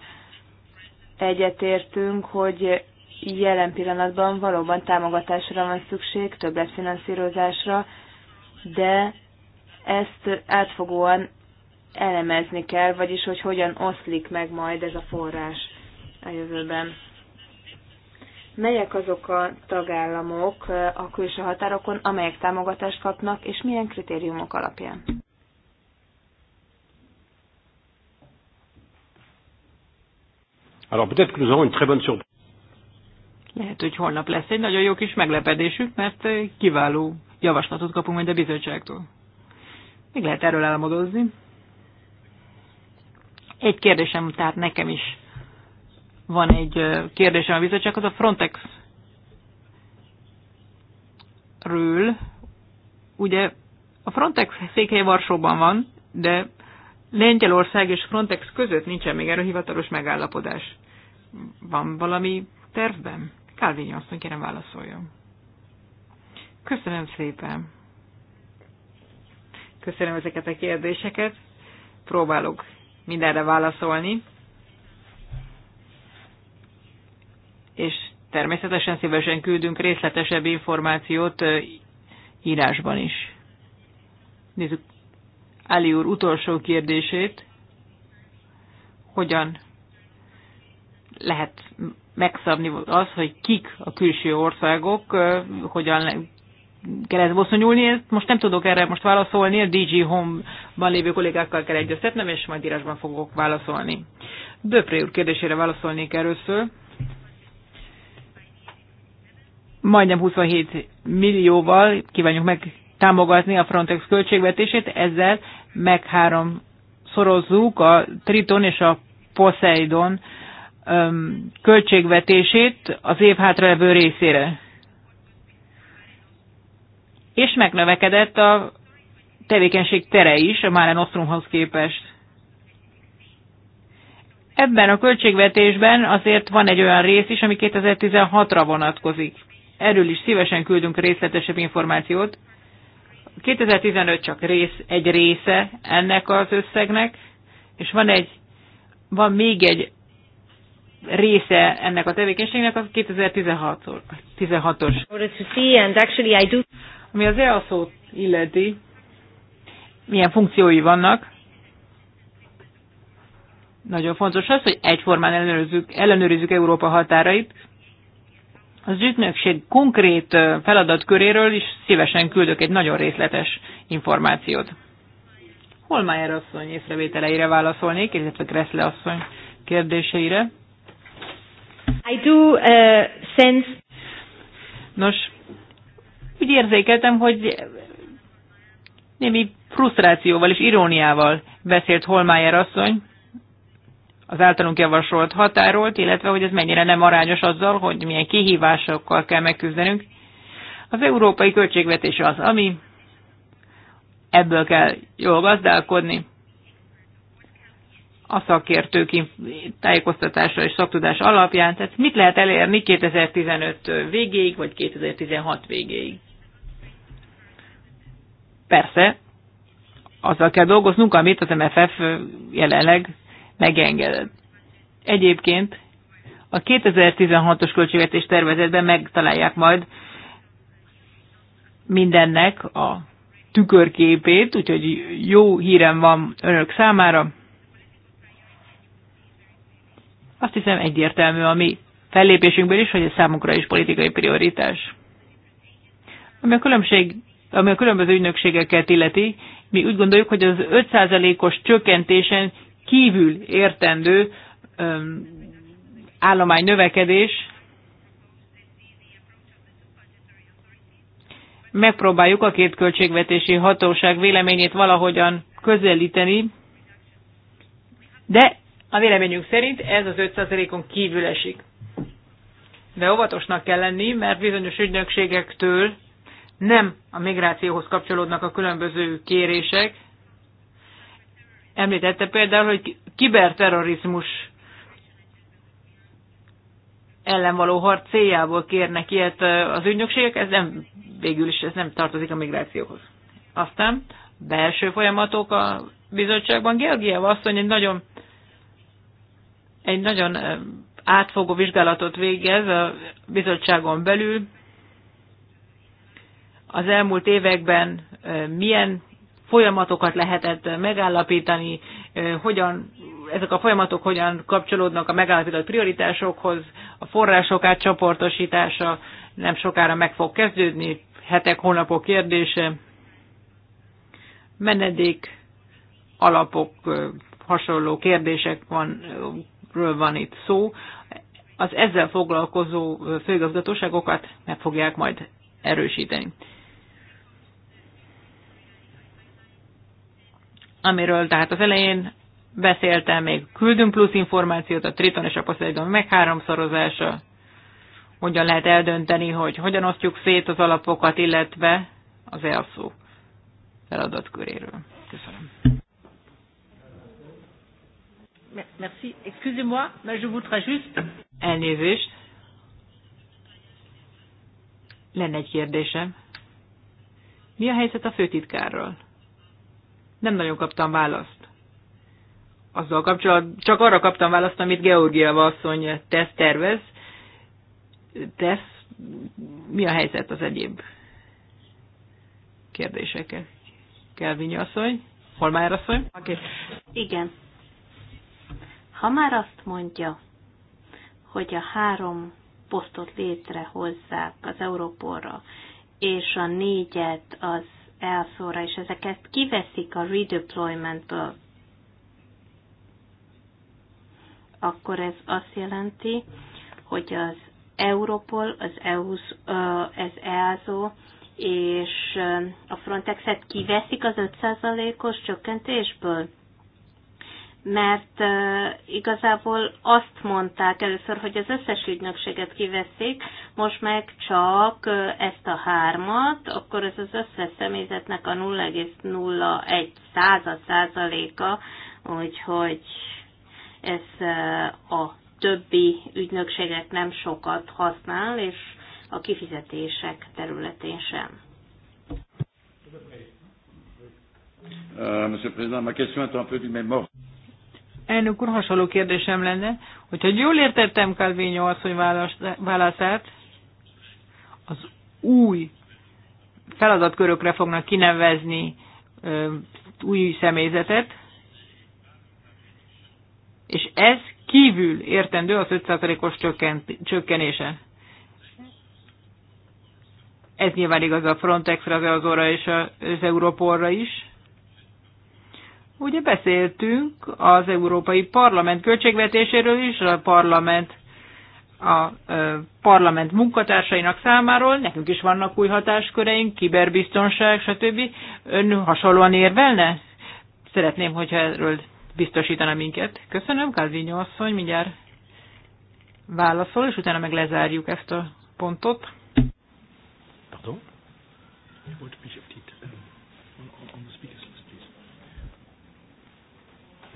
Egyetértünk, hogy jelen pillanatban valóban támogatásra van szükség, többletfinanszírozásra, de ezt átfogóan elemezni kell, vagyis hogy hogyan oszlik meg majd ez a forrás a jövőben. Melyek azok a tagállamok a külső határokon, amelyek támogatást kapnak, és milyen kritériumok alapján? Alors peut-être que nous aurons une très bonne surprise. Lehet, hogy holnap lesz egy nagyon jó kis meglepedésük, mert eh, kiváló javaslatot kapunk majd a bizottságtól. Még lehet erről elmodozni. Egy kérdésem, tehát nekem is van egy eh, kérdésem a bizottsághoz, a Frontex ről, ugye a Frontex székhely Varsóban van, de Lengyelország és Frontex között nincsen még erről hivatalos megállapodás. Van valami tervben? Calvin asszony, kérem válaszoljon. Köszönöm szépen. Köszönöm ezeket a kérdéseket. Próbálok mindenre válaszolni. És természetesen szívesen küldünk részletesebb információt írásban is. Nézzük Ali úr utolsó kérdését. Hogyan lehet megszabni az, hogy kik a külső országok, hogyan ez bosszonyulni, ezt most nem tudok erre most válaszolni, a DG Home-ban lévő kollégákkal kell egyeztetnem, és majd írásban fogok válaszolni. Döpré úr kérdésére válaszolnék először. Majdnem 27 millióval kívánjuk meg támogatni a Frontex költségvetését, ezzel meg három szorozzuk a Triton és a Poseidon uh, költségvetését az év hátralevő részére. És megnövekedett a tevékenység tere is a Máren Ostromhoz képest. Ebben a költségvetésben azért van egy olyan rész is, ami 2016-ra vonatkozik. Erről is szívesen küldünk részletesebb információt. 2015 csak rész, egy része ennek az összegnek, és van egy van még egy része ennek a tevékenységnek az 2016-os. Ami az EASZ-ot illeti, milyen funkciói vannak, nagyon fontos az, hogy egyformán ellenőrizzük, ellenőrizzük Európa határait. Az ügynökség konkrét feladatköréről is szívesen küldök egy nagyon részletes információt. Holmájer asszony észrevételeire válaszolnék, illetve Kreszle asszony kérdéseire. I do uh, sense. Nos, úgy érzékeltem, hogy némi frusztrációval és iróniával beszélt Holmájer asszony az általunk javasolt határolt, illetve hogy ez mennyire nem arányos azzal, hogy milyen kihívásokkal kell megküzdenünk. Az európai költségvetés az, ami ebből kell jól gazdálkodni a szakértők tájékoztatása és szaktudás alapján, tehát mit lehet elérni 2015 végéig, vagy 2016 végéig. Persze, azzal kell dolgoznunk, amit az MFF jelenleg megengedett. Egyébként a 2016-os költségvetés tervezetben megtalálják majd mindennek a tükörképét, úgyhogy jó hírem van önök számára. Azt hiszem egyértelmű a mi fellépésünkből is, hogy ez számunkra is politikai prioritás. Ami a, különbség, ami a különböző ügynökségeket illeti, mi úgy gondoljuk, hogy az 5%-os csökkentésen kívül értendő öm, állomány növekedés megpróbáljuk a két költségvetési hatóság véleményét valahogyan közelíteni, de a véleményünk szerint ez az 5%-on kívül esik. De óvatosnak kell lenni, mert bizonyos ügynökségektől nem a migrációhoz kapcsolódnak a különböző kérések. Említette például, hogy kiberterrorizmus ellen való harc céljából kérnek ilyet az ügynökségek, ez nem, végül is ez nem tartozik a migrációhoz. Aztán belső folyamatok a bizottságban. azt mondja, hogy nagyon egy nagyon átfogó vizsgálatot végez a bizottságon belül. Az elmúlt években milyen folyamatokat lehetett megállapítani, hogyan, ezek a folyamatok hogyan kapcsolódnak a megállapított prioritásokhoz, a források átcsoportosítása nem sokára meg fog kezdődni, hetek, hónapok kérdése, menedék, alapok, hasonló kérdések van, van itt szó. Az ezzel foglalkozó főigazgatóságokat meg fogják majd erősíteni. Amiről tehát az elején beszéltem, még küldünk plusz információt, a Triton és a Poseidon megháromszorozása, hogyan lehet eldönteni, hogy hogyan osztjuk szét az alapokat, illetve az elszó feladatköréről. Köszönöm. Merci. Excusez-moi, mais je voudrais juste... Elnézést. Lenne egy kérdésem. Mi a helyzet a főtitkárral? Nem nagyon kaptam választ. Azzal kapcsolatban csak arra kaptam választ, amit Georgia asszony tesz, tervez. Tesz, mi a helyzet az egyéb kérdésekkel? Kelvin asszony? Holmár asszony? Okay. Igen. Ha már azt mondja, hogy a három posztot létrehozzák az Európorra, és a négyet az elszóra, és ezeket kiveszik a redeploymentből, akkor ez azt jelenti, hogy az Europol, az EUS, az EASO és a Frontexet kiveszik az 5%-os csökkentésből mert igazából azt mondták először, hogy az összes ügynökséget kiveszik, most meg csak ezt a hármat, akkor ez az összes személyzetnek a 0,01 század százaléka, úgyhogy ez a többi ügynökségek nem sokat használ, és a kifizetések területén sem. Uh, Monsieur le Président, ma question est un peu du même ordre. Elnök úr, hasonló kérdésem lenne, hogyha jól értettem Calvino asszony válaszát, az új feladatkörökre fognak kinevezni ö, új személyzetet, és ez kívül értendő az 5%-os csökken, csökkenése. Ez nyilván igaz a Frontexre, az Azora és az Európorra is. Ugye beszéltünk az Európai Parlament költségvetéséről is, a parlament a parlament munkatársainak számáról, nekünk is vannak új hatásköreink, kiberbiztonság, stb. Ön hasonlóan érvelne? Szeretném, hogyha erről biztosítana minket. Köszönöm, Calvino asszony, mindjárt válaszol, és utána meg lezárjuk ezt a pontot. Pardon?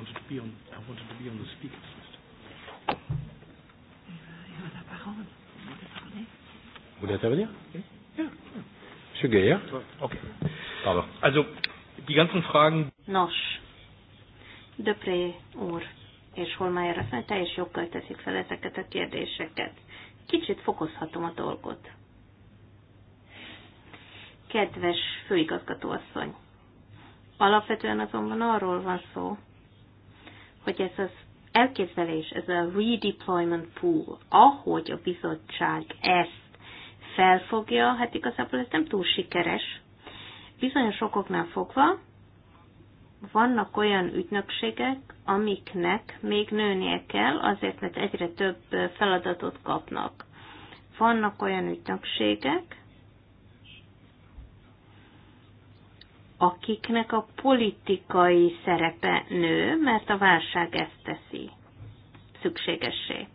wanted to be on, I wanted to be on the speakers list. Vous voulez intervenir Monsieur Geyer Okay. Pardon. Also, die ganzen Fragen... Nos, Döpré úr és Holmeyer azt mondja, teljes joggal teszik fel ezeket a kérdéseket. Kicsit fokozhatom a dolgot. Kedves főigazgatóasszony, alapvetően azonban arról van szó, hogy ez az elképzelés, ez a redeployment pool, ahogy a bizottság ezt felfogja, hát igazából ez nem túl sikeres. Bizonyos okoknál fogva vannak olyan ügynökségek, amiknek még nőnie kell, azért, mert egyre több feladatot kapnak. Vannak olyan ügynökségek, akiknek a politikai szerepe nő, mert a válság ezt teszi szükségessé.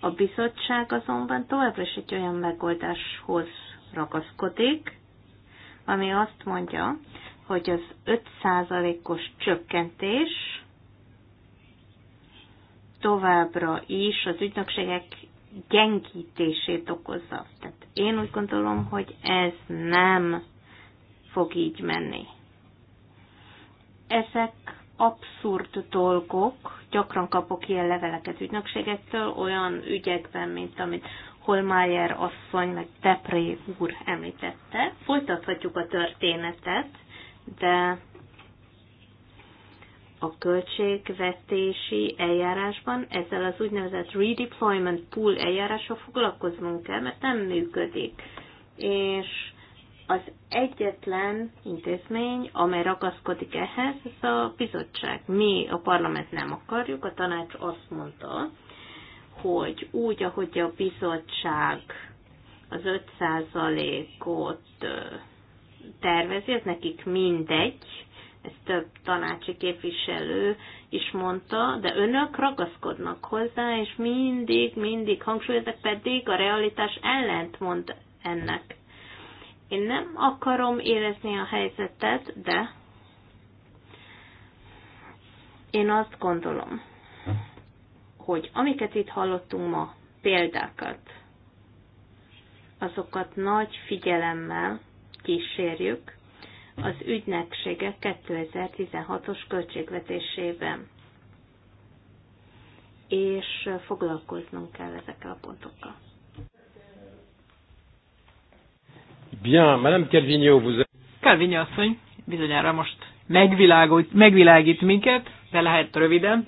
A bizottság azonban továbbra is egy olyan megoldáshoz ragaszkodik, ami azt mondja, hogy az 5%-os csökkentés továbbra is az ügynökségek gyengítését okozza. Tehát én úgy gondolom, hogy ez nem fog így menni. Ezek abszurd dolgok, gyakran kapok ilyen leveleket ügynökségektől, olyan ügyekben, mint amit Holmeyer asszony, meg Depré úr említette. Folytathatjuk a történetet, de a költségvetési eljárásban ezzel az úgynevezett redeployment pool eljárással foglalkoznunk kell, mert nem működik. És az egyetlen intézmény, amely ragaszkodik ehhez, ez a bizottság. Mi a parlament nem akarjuk, a tanács azt mondta, hogy úgy, ahogy a bizottság az 5%-ot tervezi, ez nekik mindegy, ezt több tanácsi képviselő is mondta, de önök ragaszkodnak hozzá, és mindig, mindig hangsúlyozzák, pedig a realitás ellentmond ennek. Én nem akarom érezni a helyzetet, de én azt gondolom, hogy amiket itt hallottunk ma, példákat, azokat nagy figyelemmel kísérjük az ügynöksége 2016-os költségvetésében. És foglalkoznunk kell ezekkel a pontokkal. Bien, Madame Calvinio, vous... Calvinio asszony, bizonyára most megvilágít, megvilágít minket, de lehet röviden.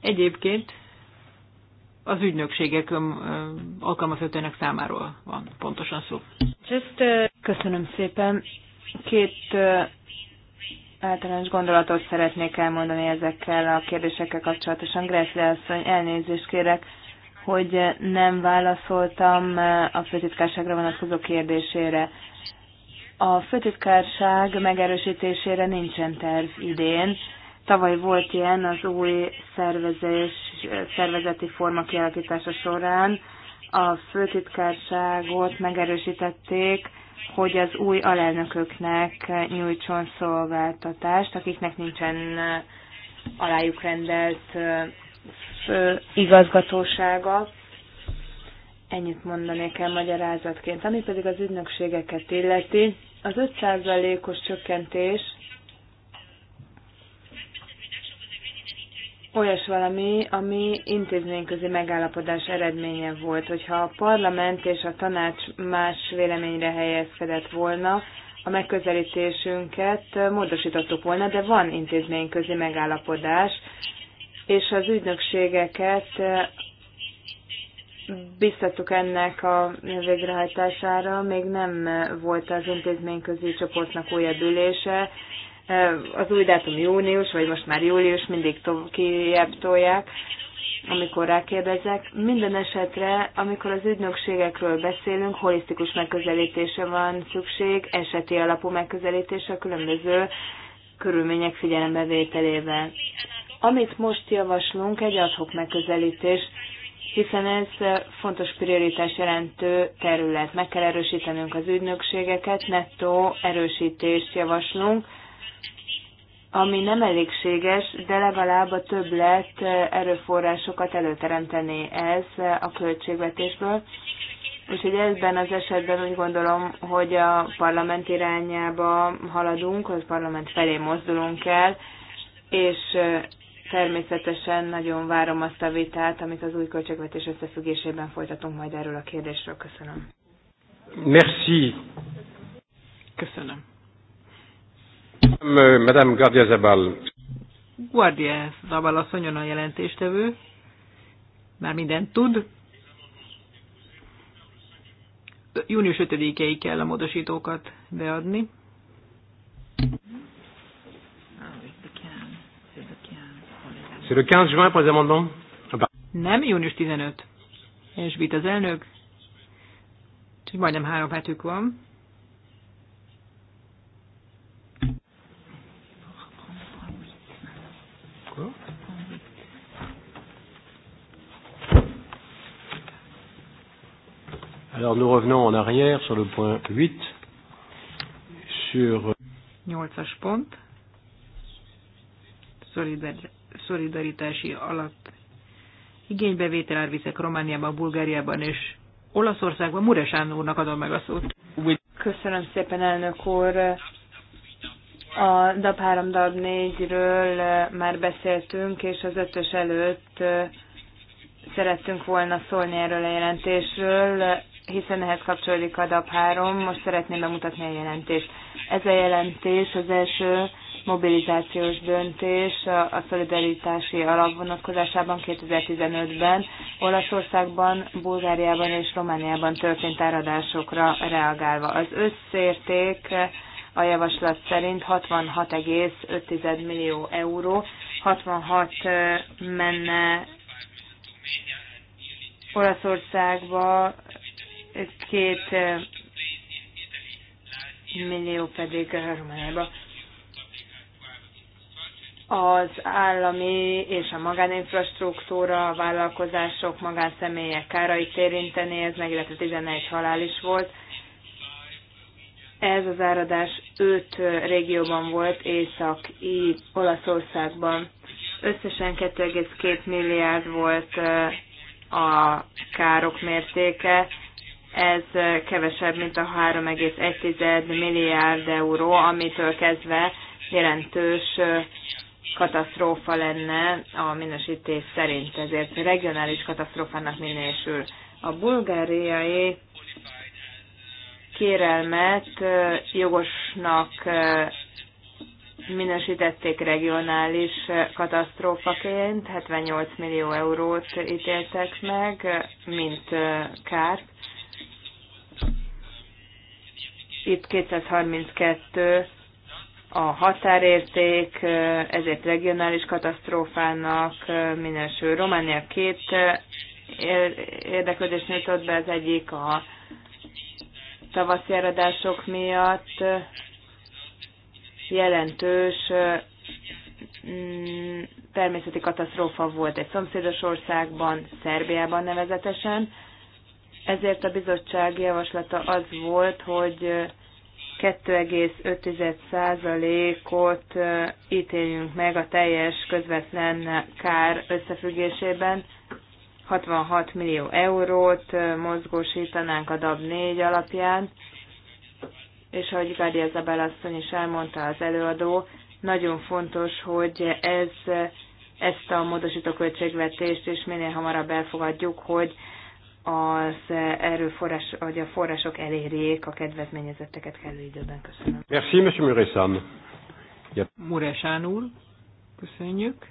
Egyébként az ügynökségek alkalmazhatóinak számáról van pontosan szó. Just, uh, köszönöm szépen. Két uh, általános gondolatot szeretnék elmondani ezekkel a kérdésekkel kapcsolatosan. Gressle asszony, elnézést kérek hogy nem válaszoltam a főtitkárságra vonatkozó kérdésére. A főtitkárság megerősítésére nincsen terv idén. Tavaly volt ilyen az új szervezés, szervezeti forma kialakítása során. A főtitkárságot megerősítették, hogy az új alelnököknek nyújtson szolgáltatást, akiknek nincsen alájuk rendelt igazgatósága. Ennyit mondanék el magyarázatként. Ami pedig az ügynökségeket illeti, az 5%-os csökkentés olyas valami, ami intézményközi megállapodás eredménye volt. Hogyha a parlament és a tanács más véleményre helyezkedett volna, a megközelítésünket módosítottuk volna, de van intézményközi megállapodás és az ügynökségeket eh, biztattuk ennek a végrehajtására, még nem eh, volt az intézményközi csoportnak újabb ülése. Eh, az új dátum június, vagy most már július, mindig kiebb tolják, amikor rákérdezek. Minden esetre, amikor az ügynökségekről beszélünk, holisztikus megközelítése van szükség, eseti alapú megközelítése a különböző körülmények figyelembevételével. Amit most javaslunk, egy adhok megközelítés, hiszen ez fontos prioritás jelentő terület. Meg kell erősítenünk az ügynökségeket, nettó erősítést javaslunk, ami nem elégséges, de legalább a többlet erőforrásokat előteremtené ez a költségvetésből. Úgyhogy ebben az esetben úgy gondolom, hogy a parlament irányába haladunk, az parlament felé mozdulunk el, és természetesen nagyon várom azt a vitát, amit az új költségvetés összefüggésében folytatunk majd erről a kérdésről. Köszönöm. Merci. Köszönöm. Euh, Madame Guardia Zabal. Guardia Zabal asszonyon a jelentéstevő. Már mindent tud. Június 5-ig kell a módosítókat beadni. C'est le 15 juin pour les amendements ah Nem, június 15. És vit az elnök. Úgyhogy majdnem három hetük van. Alors nous revenons en arrière sur le point 8, sur... 8 euh, pont szolidaritási alap igénybevétel árvizek Romániában, Bulgáriában és Olaszországban. Muresán úrnak adom meg a szót. Köszönöm szépen, elnök úr. A DAP 3, DAP 4-ről már beszéltünk, és az ötös előtt eh, szerettünk volna szólni erről a jelentésről, hiszen ehhez kapcsolódik a DAP 3. Most szeretném bemutatni a jelentést. Ez a jelentés az első mobilizációs döntés a szolidaritási alap vonatkozásában 2015-ben Olaszországban, Bulgáriában és Romániában történt áradásokra reagálva. Az összérték a javaslat szerint 66,5 millió euró, 66 menne Olaszországba, 2 millió pedig Romániába az állami és a magáninfrastruktúra, a vállalkozások, magánszemélyek kárait érinteni, ez illetve 11 halál is volt. Ez az áradás 5 régióban volt, északi Olaszországban. Összesen 2,2 milliárd volt a károk mértéke, ez kevesebb, mint a 3,1 milliárd euró, amitől kezdve jelentős katasztrófa lenne a minősítés szerint, ezért regionális katasztrófának minősül. A bulgáriai kérelmet jogosnak minősítették regionális katasztrófaként, 78 millió eurót ítéltek meg, mint kárt. Itt 232 a határérték, ezért regionális katasztrófának minősül. Románia két érdeklődés nyújtott be, az egyik a tavaszi eredások miatt jelentős mm, természeti katasztrófa volt egy szomszédos országban, Szerbiában nevezetesen, ezért a bizottság javaslata az volt, hogy 2,5%-ot ítéljünk meg a teljes közvetlen kár összefüggésében. 66 millió eurót mozgósítanánk a DAB 4 alapján, és ahogy Gádia Ezabel asszony is elmondta az előadó, nagyon fontos, hogy ez, ezt a módosító költségvetést is minél hamarabb elfogadjuk, hogy az erőforrás, vagy a források elérjék a kedvezményezetteket kellő időben. Köszönöm. Merci, Monsieur Muresan. Yep. Muresan úr, köszönjük.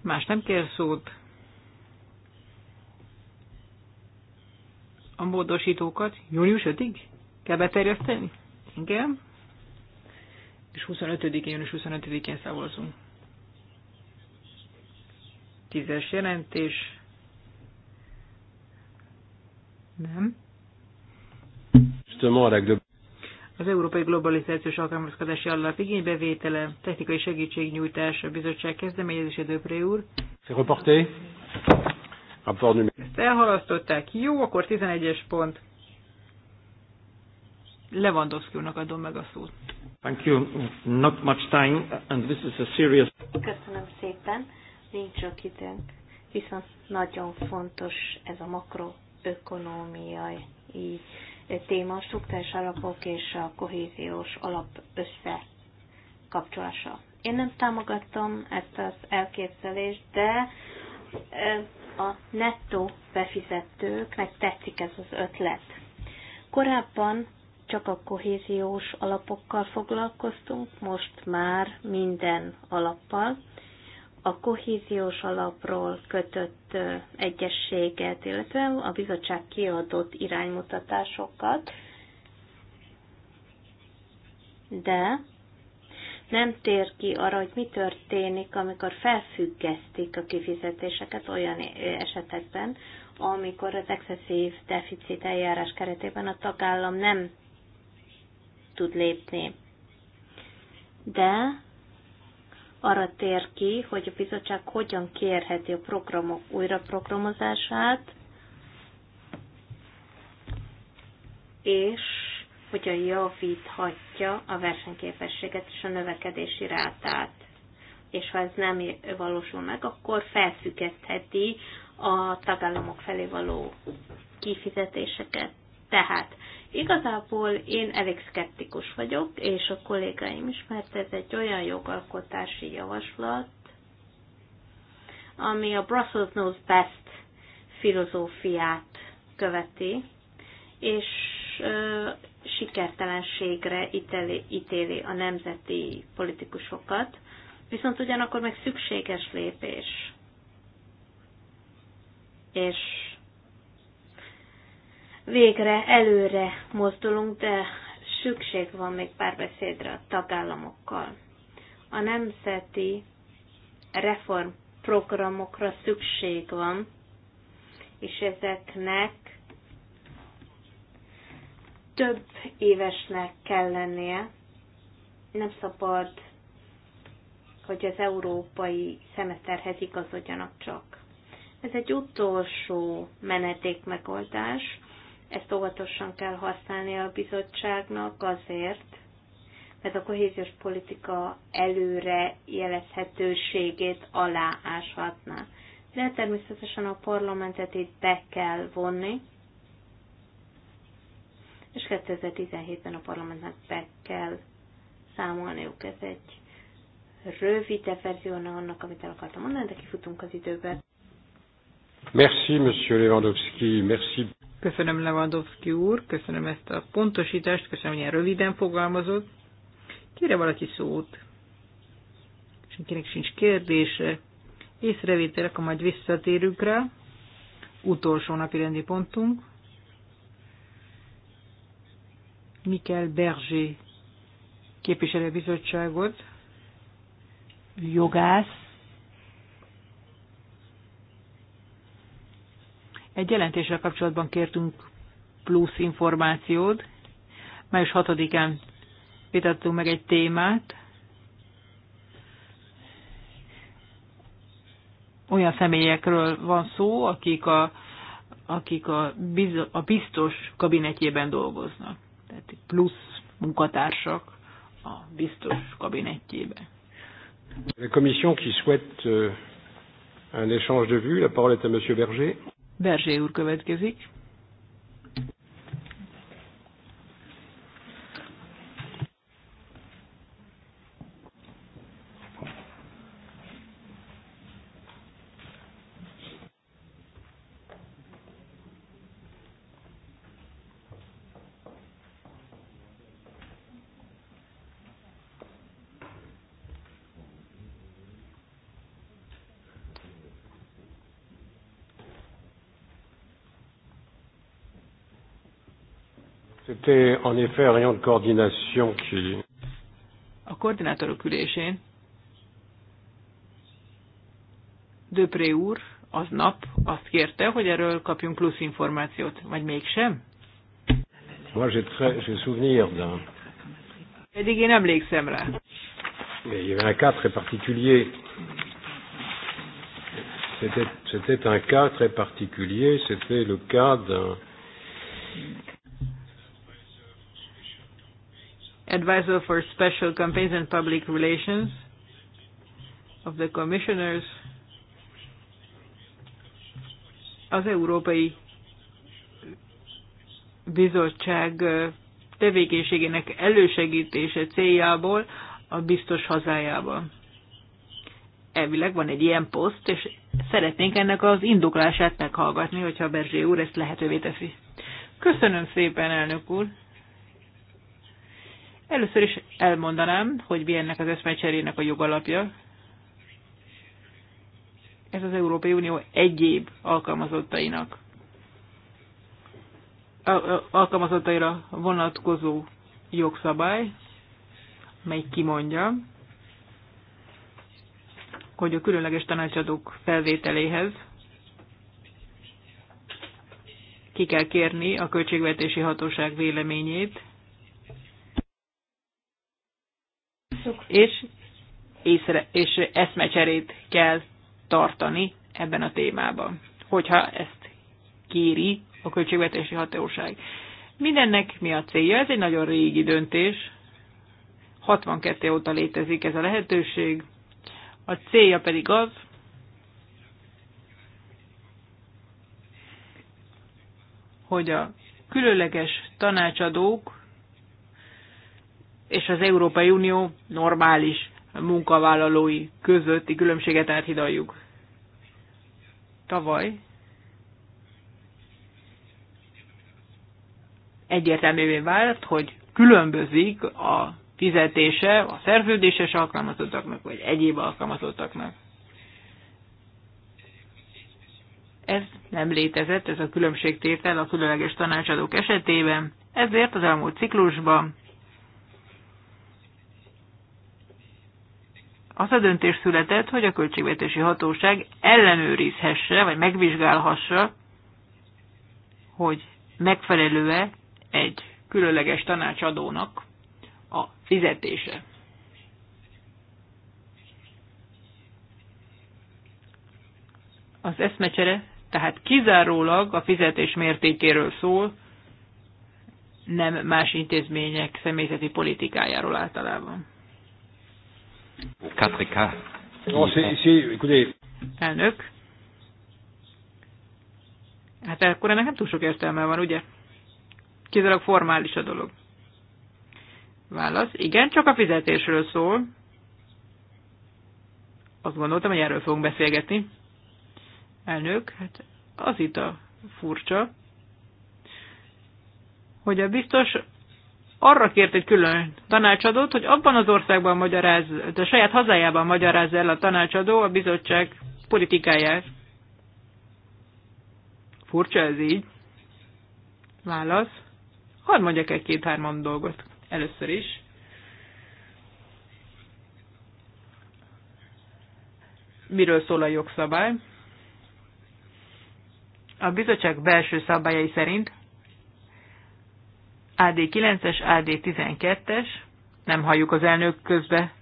Más nem kér szót. A módosítókat június 5-ig kell beterjeszteni? Igen. És 25-én, június 25-én szavazunk. Tízes jelentés, nem. Az Európai Globalizációs Alkalmazkodási Alap igénybevétele, technikai segítségnyújtás, a bizottság kezdeményezése Döpré úr. Ezt elhalasztották. Jó, akkor 11-es pont. Lewandowski úrnak adom meg a szót. Thank you. Not much time, and this is a serious... Köszönöm szépen. Nincs sok időnk. Viszont nagyon fontos ez a makro ökonómiai téma, a struktúrás alapok és a kohéziós alap összekapcsolása. Én nem támogatom ezt az elképzelést, de a nettó befizetőknek tetszik ez az ötlet. Korábban csak a kohéziós alapokkal foglalkoztunk, most már minden alappal, a kohéziós alapról kötött egyességet, illetve a bizottság kiadott iránymutatásokat, de nem tér ki arra, hogy mi történik, amikor felfüggesztik a kifizetéseket olyan esetekben, amikor az excesszív deficit eljárás keretében a tagállam nem tud lépni. De arra tér ki, hogy a bizottság hogyan kérheti a programok újraprogramozását, és hogyan javíthatja a versenyképességet és a növekedési rátát. És ha ez nem valósul meg, akkor felfüggesztheti a tagállamok felé való kifizetéseket. Tehát Igazából én elég szkeptikus vagyok, és a kollégáim is, mert ez egy olyan jogalkotási javaslat, ami a Brussels knows best filozófiát követi, és ö, sikertelenségre ítéli, ítéli a nemzeti politikusokat, viszont ugyanakkor meg szükséges lépés. És végre előre mozdulunk, de szükség van még párbeszédre a tagállamokkal. A nemzeti reformprogramokra szükség van, és ezeknek több évesnek kell lennie. Nem szabad, hogy az európai szemeszterhez igazodjanak csak. Ez egy utolsó meneték megoldás, ezt óvatosan kell használni a bizottságnak azért, mert a kohéziós politika előre jelezhetőségét alááshatná. De természetesen a parlamentet itt be kell vonni, és 2017-ben a parlamentnek be kell számolniuk. Ez egy rövidebb verzió annak, amit el akartam mondani, de kifutunk az időben. Merci, Monsieur Lewandowski, merci. Köszönöm Lewandowski úr, köszönöm ezt a pontosítást, köszönöm, hogy ilyen röviden fogalmazott. Kére valaki szót? Senkinek sincs kérdése. Észrevétel, akkor majd visszatérünk rá. Utolsó napi rendi pontunk. Mikkel Berger képviselőbizottságot, jogász, Egy jelentéssel kapcsolatban kértünk plusz információt. Május 6-án vitattunk meg egy témát, olyan személyekről van szó, akik a, akik a, biz, a biztos kabinetjében dolgoznak. Tehát plusz munkatársak a biztos kabinetjében. La commission qui souhaite euh, un échange de vues, la parole est à Berger. Berzsé úr következik. c'était en effet un rayon de coordination qui... A koordinátorok ülésén Döpré úr nap azt kérte, hogy erről kapjunk plusz információt, vagy mégsem? Moi, j'ai très, j'ai souvenir d'un. Pedig én emlékszem rá. Mais il y avait un cas très particulier. C'était, c'était un cas très particulier, c'était le cas d'un advisor for special campaigns and public relations of the commissioners az Európai Bizottság tevékenységének elősegítése céljából a biztos hazájába. Elvileg van egy ilyen poszt, és szeretnénk ennek az indoklását meghallgatni, hogyha Berzsé úr ezt lehetővé teszi. Köszönöm szépen, elnök úr! Először is elmondanám, hogy mi ennek az eszmecserének a jogalapja. Ez az Európai Unió egyéb alkalmazottainak alkalmazottaira vonatkozó jogszabály, mely kimondja, hogy a különleges tanácsadók felvételéhez ki kell kérni a költségvetési hatóság véleményét, és, észre, és eszmecserét kell tartani ebben a témában, hogyha ezt kéri a költségvetési hatóság. Mindennek mi a célja? Ez egy nagyon régi döntés. 62 óta létezik ez a lehetőség. A célja pedig az, hogy a különleges tanácsadók és az Európai Unió normális munkavállalói közötti különbséget áthidaljuk. Tavaly egyértelművé vált, hogy különbözik a fizetése a szerződéses alkalmazottaknak, vagy egyéb alkalmazottaknak. Ez nem létezett, ez a különbségtétel a különleges tanácsadók esetében, ezért az elmúlt ciklusban az a döntés született, hogy a költségvetési hatóság ellenőrizhesse, vagy megvizsgálhassa, hogy megfelelő-e egy különleges tanácsadónak a fizetése. Az eszmecsere tehát kizárólag a fizetés mértékéről szól, nem más intézmények személyzeti politikájáról általában. 4K. Non, c'est, écoutez. Elnök. Hát akkor ennek nem túl sok értelme van, ugye? Kizárólag formális a dolog. Válasz. Igen, csak a fizetésről szól. Azt gondoltam, hogy erről fogunk beszélgetni. Elnök, hát az itt a furcsa, hogy a biztos arra kért egy külön tanácsadót, hogy abban az országban magyaráz, a saját hazájában magyaráz el a tanácsadó a bizottság politikáját. Furcsa ez így. Válasz. Hadd mondjak egy két-hárman dolgot. Először is. Miről szól a jogszabály? A bizottság belső szabályai szerint AD9-es, AD12-es, nem halljuk az elnök közbe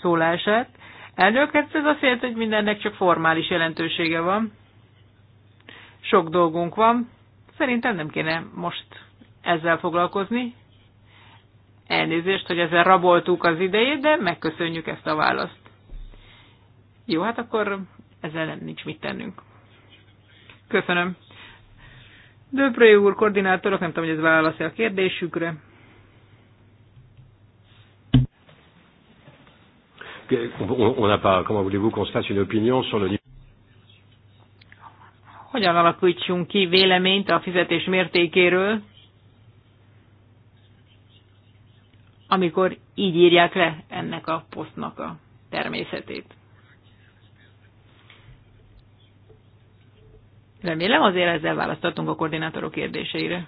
szólását. Elnök, hát ez azt jelenti, hogy mindennek csak formális jelentősége van. Sok dolgunk van. Szerintem nem kéne most ezzel foglalkozni. Elnézést, hogy ezzel raboltuk az idejét, de megköszönjük ezt a választ. Jó, hát akkor ezzel nem nincs mit tennünk. Köszönöm. Döpré úr, koordinátorok, nem tudom, hogy ez válasz a kérdésükre. On n'a pas, comment voulez-vous qu'on se fasse une opinion sur le Hogyan alakítsunk ki véleményt a fizetés mértékéről, amikor így írják le ennek a posztnak a természetét? Remélem azért ezzel választottunk a koordinátorok kérdéseire.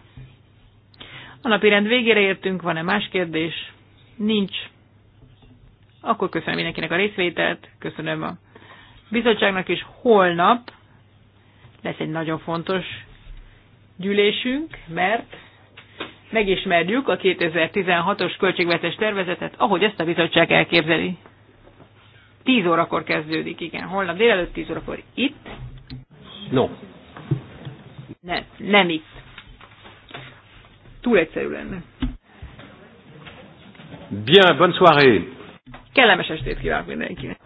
A napi rend végére értünk, van-e más kérdés? Nincs. Akkor köszönöm mindenkinek a részvételt, köszönöm a bizottságnak is. Holnap lesz egy nagyon fontos gyűlésünk, mert megismerjük a 2016-os költségvetés tervezetet, ahogy ezt a bizottság elképzeli. 10 órakor kezdődik, igen, holnap délelőtt 10 órakor itt. No. Nem, nem itt. Túl egyszerű lenne. Bien, bonne soirée! Kellemes estét kívánok mindenkinek!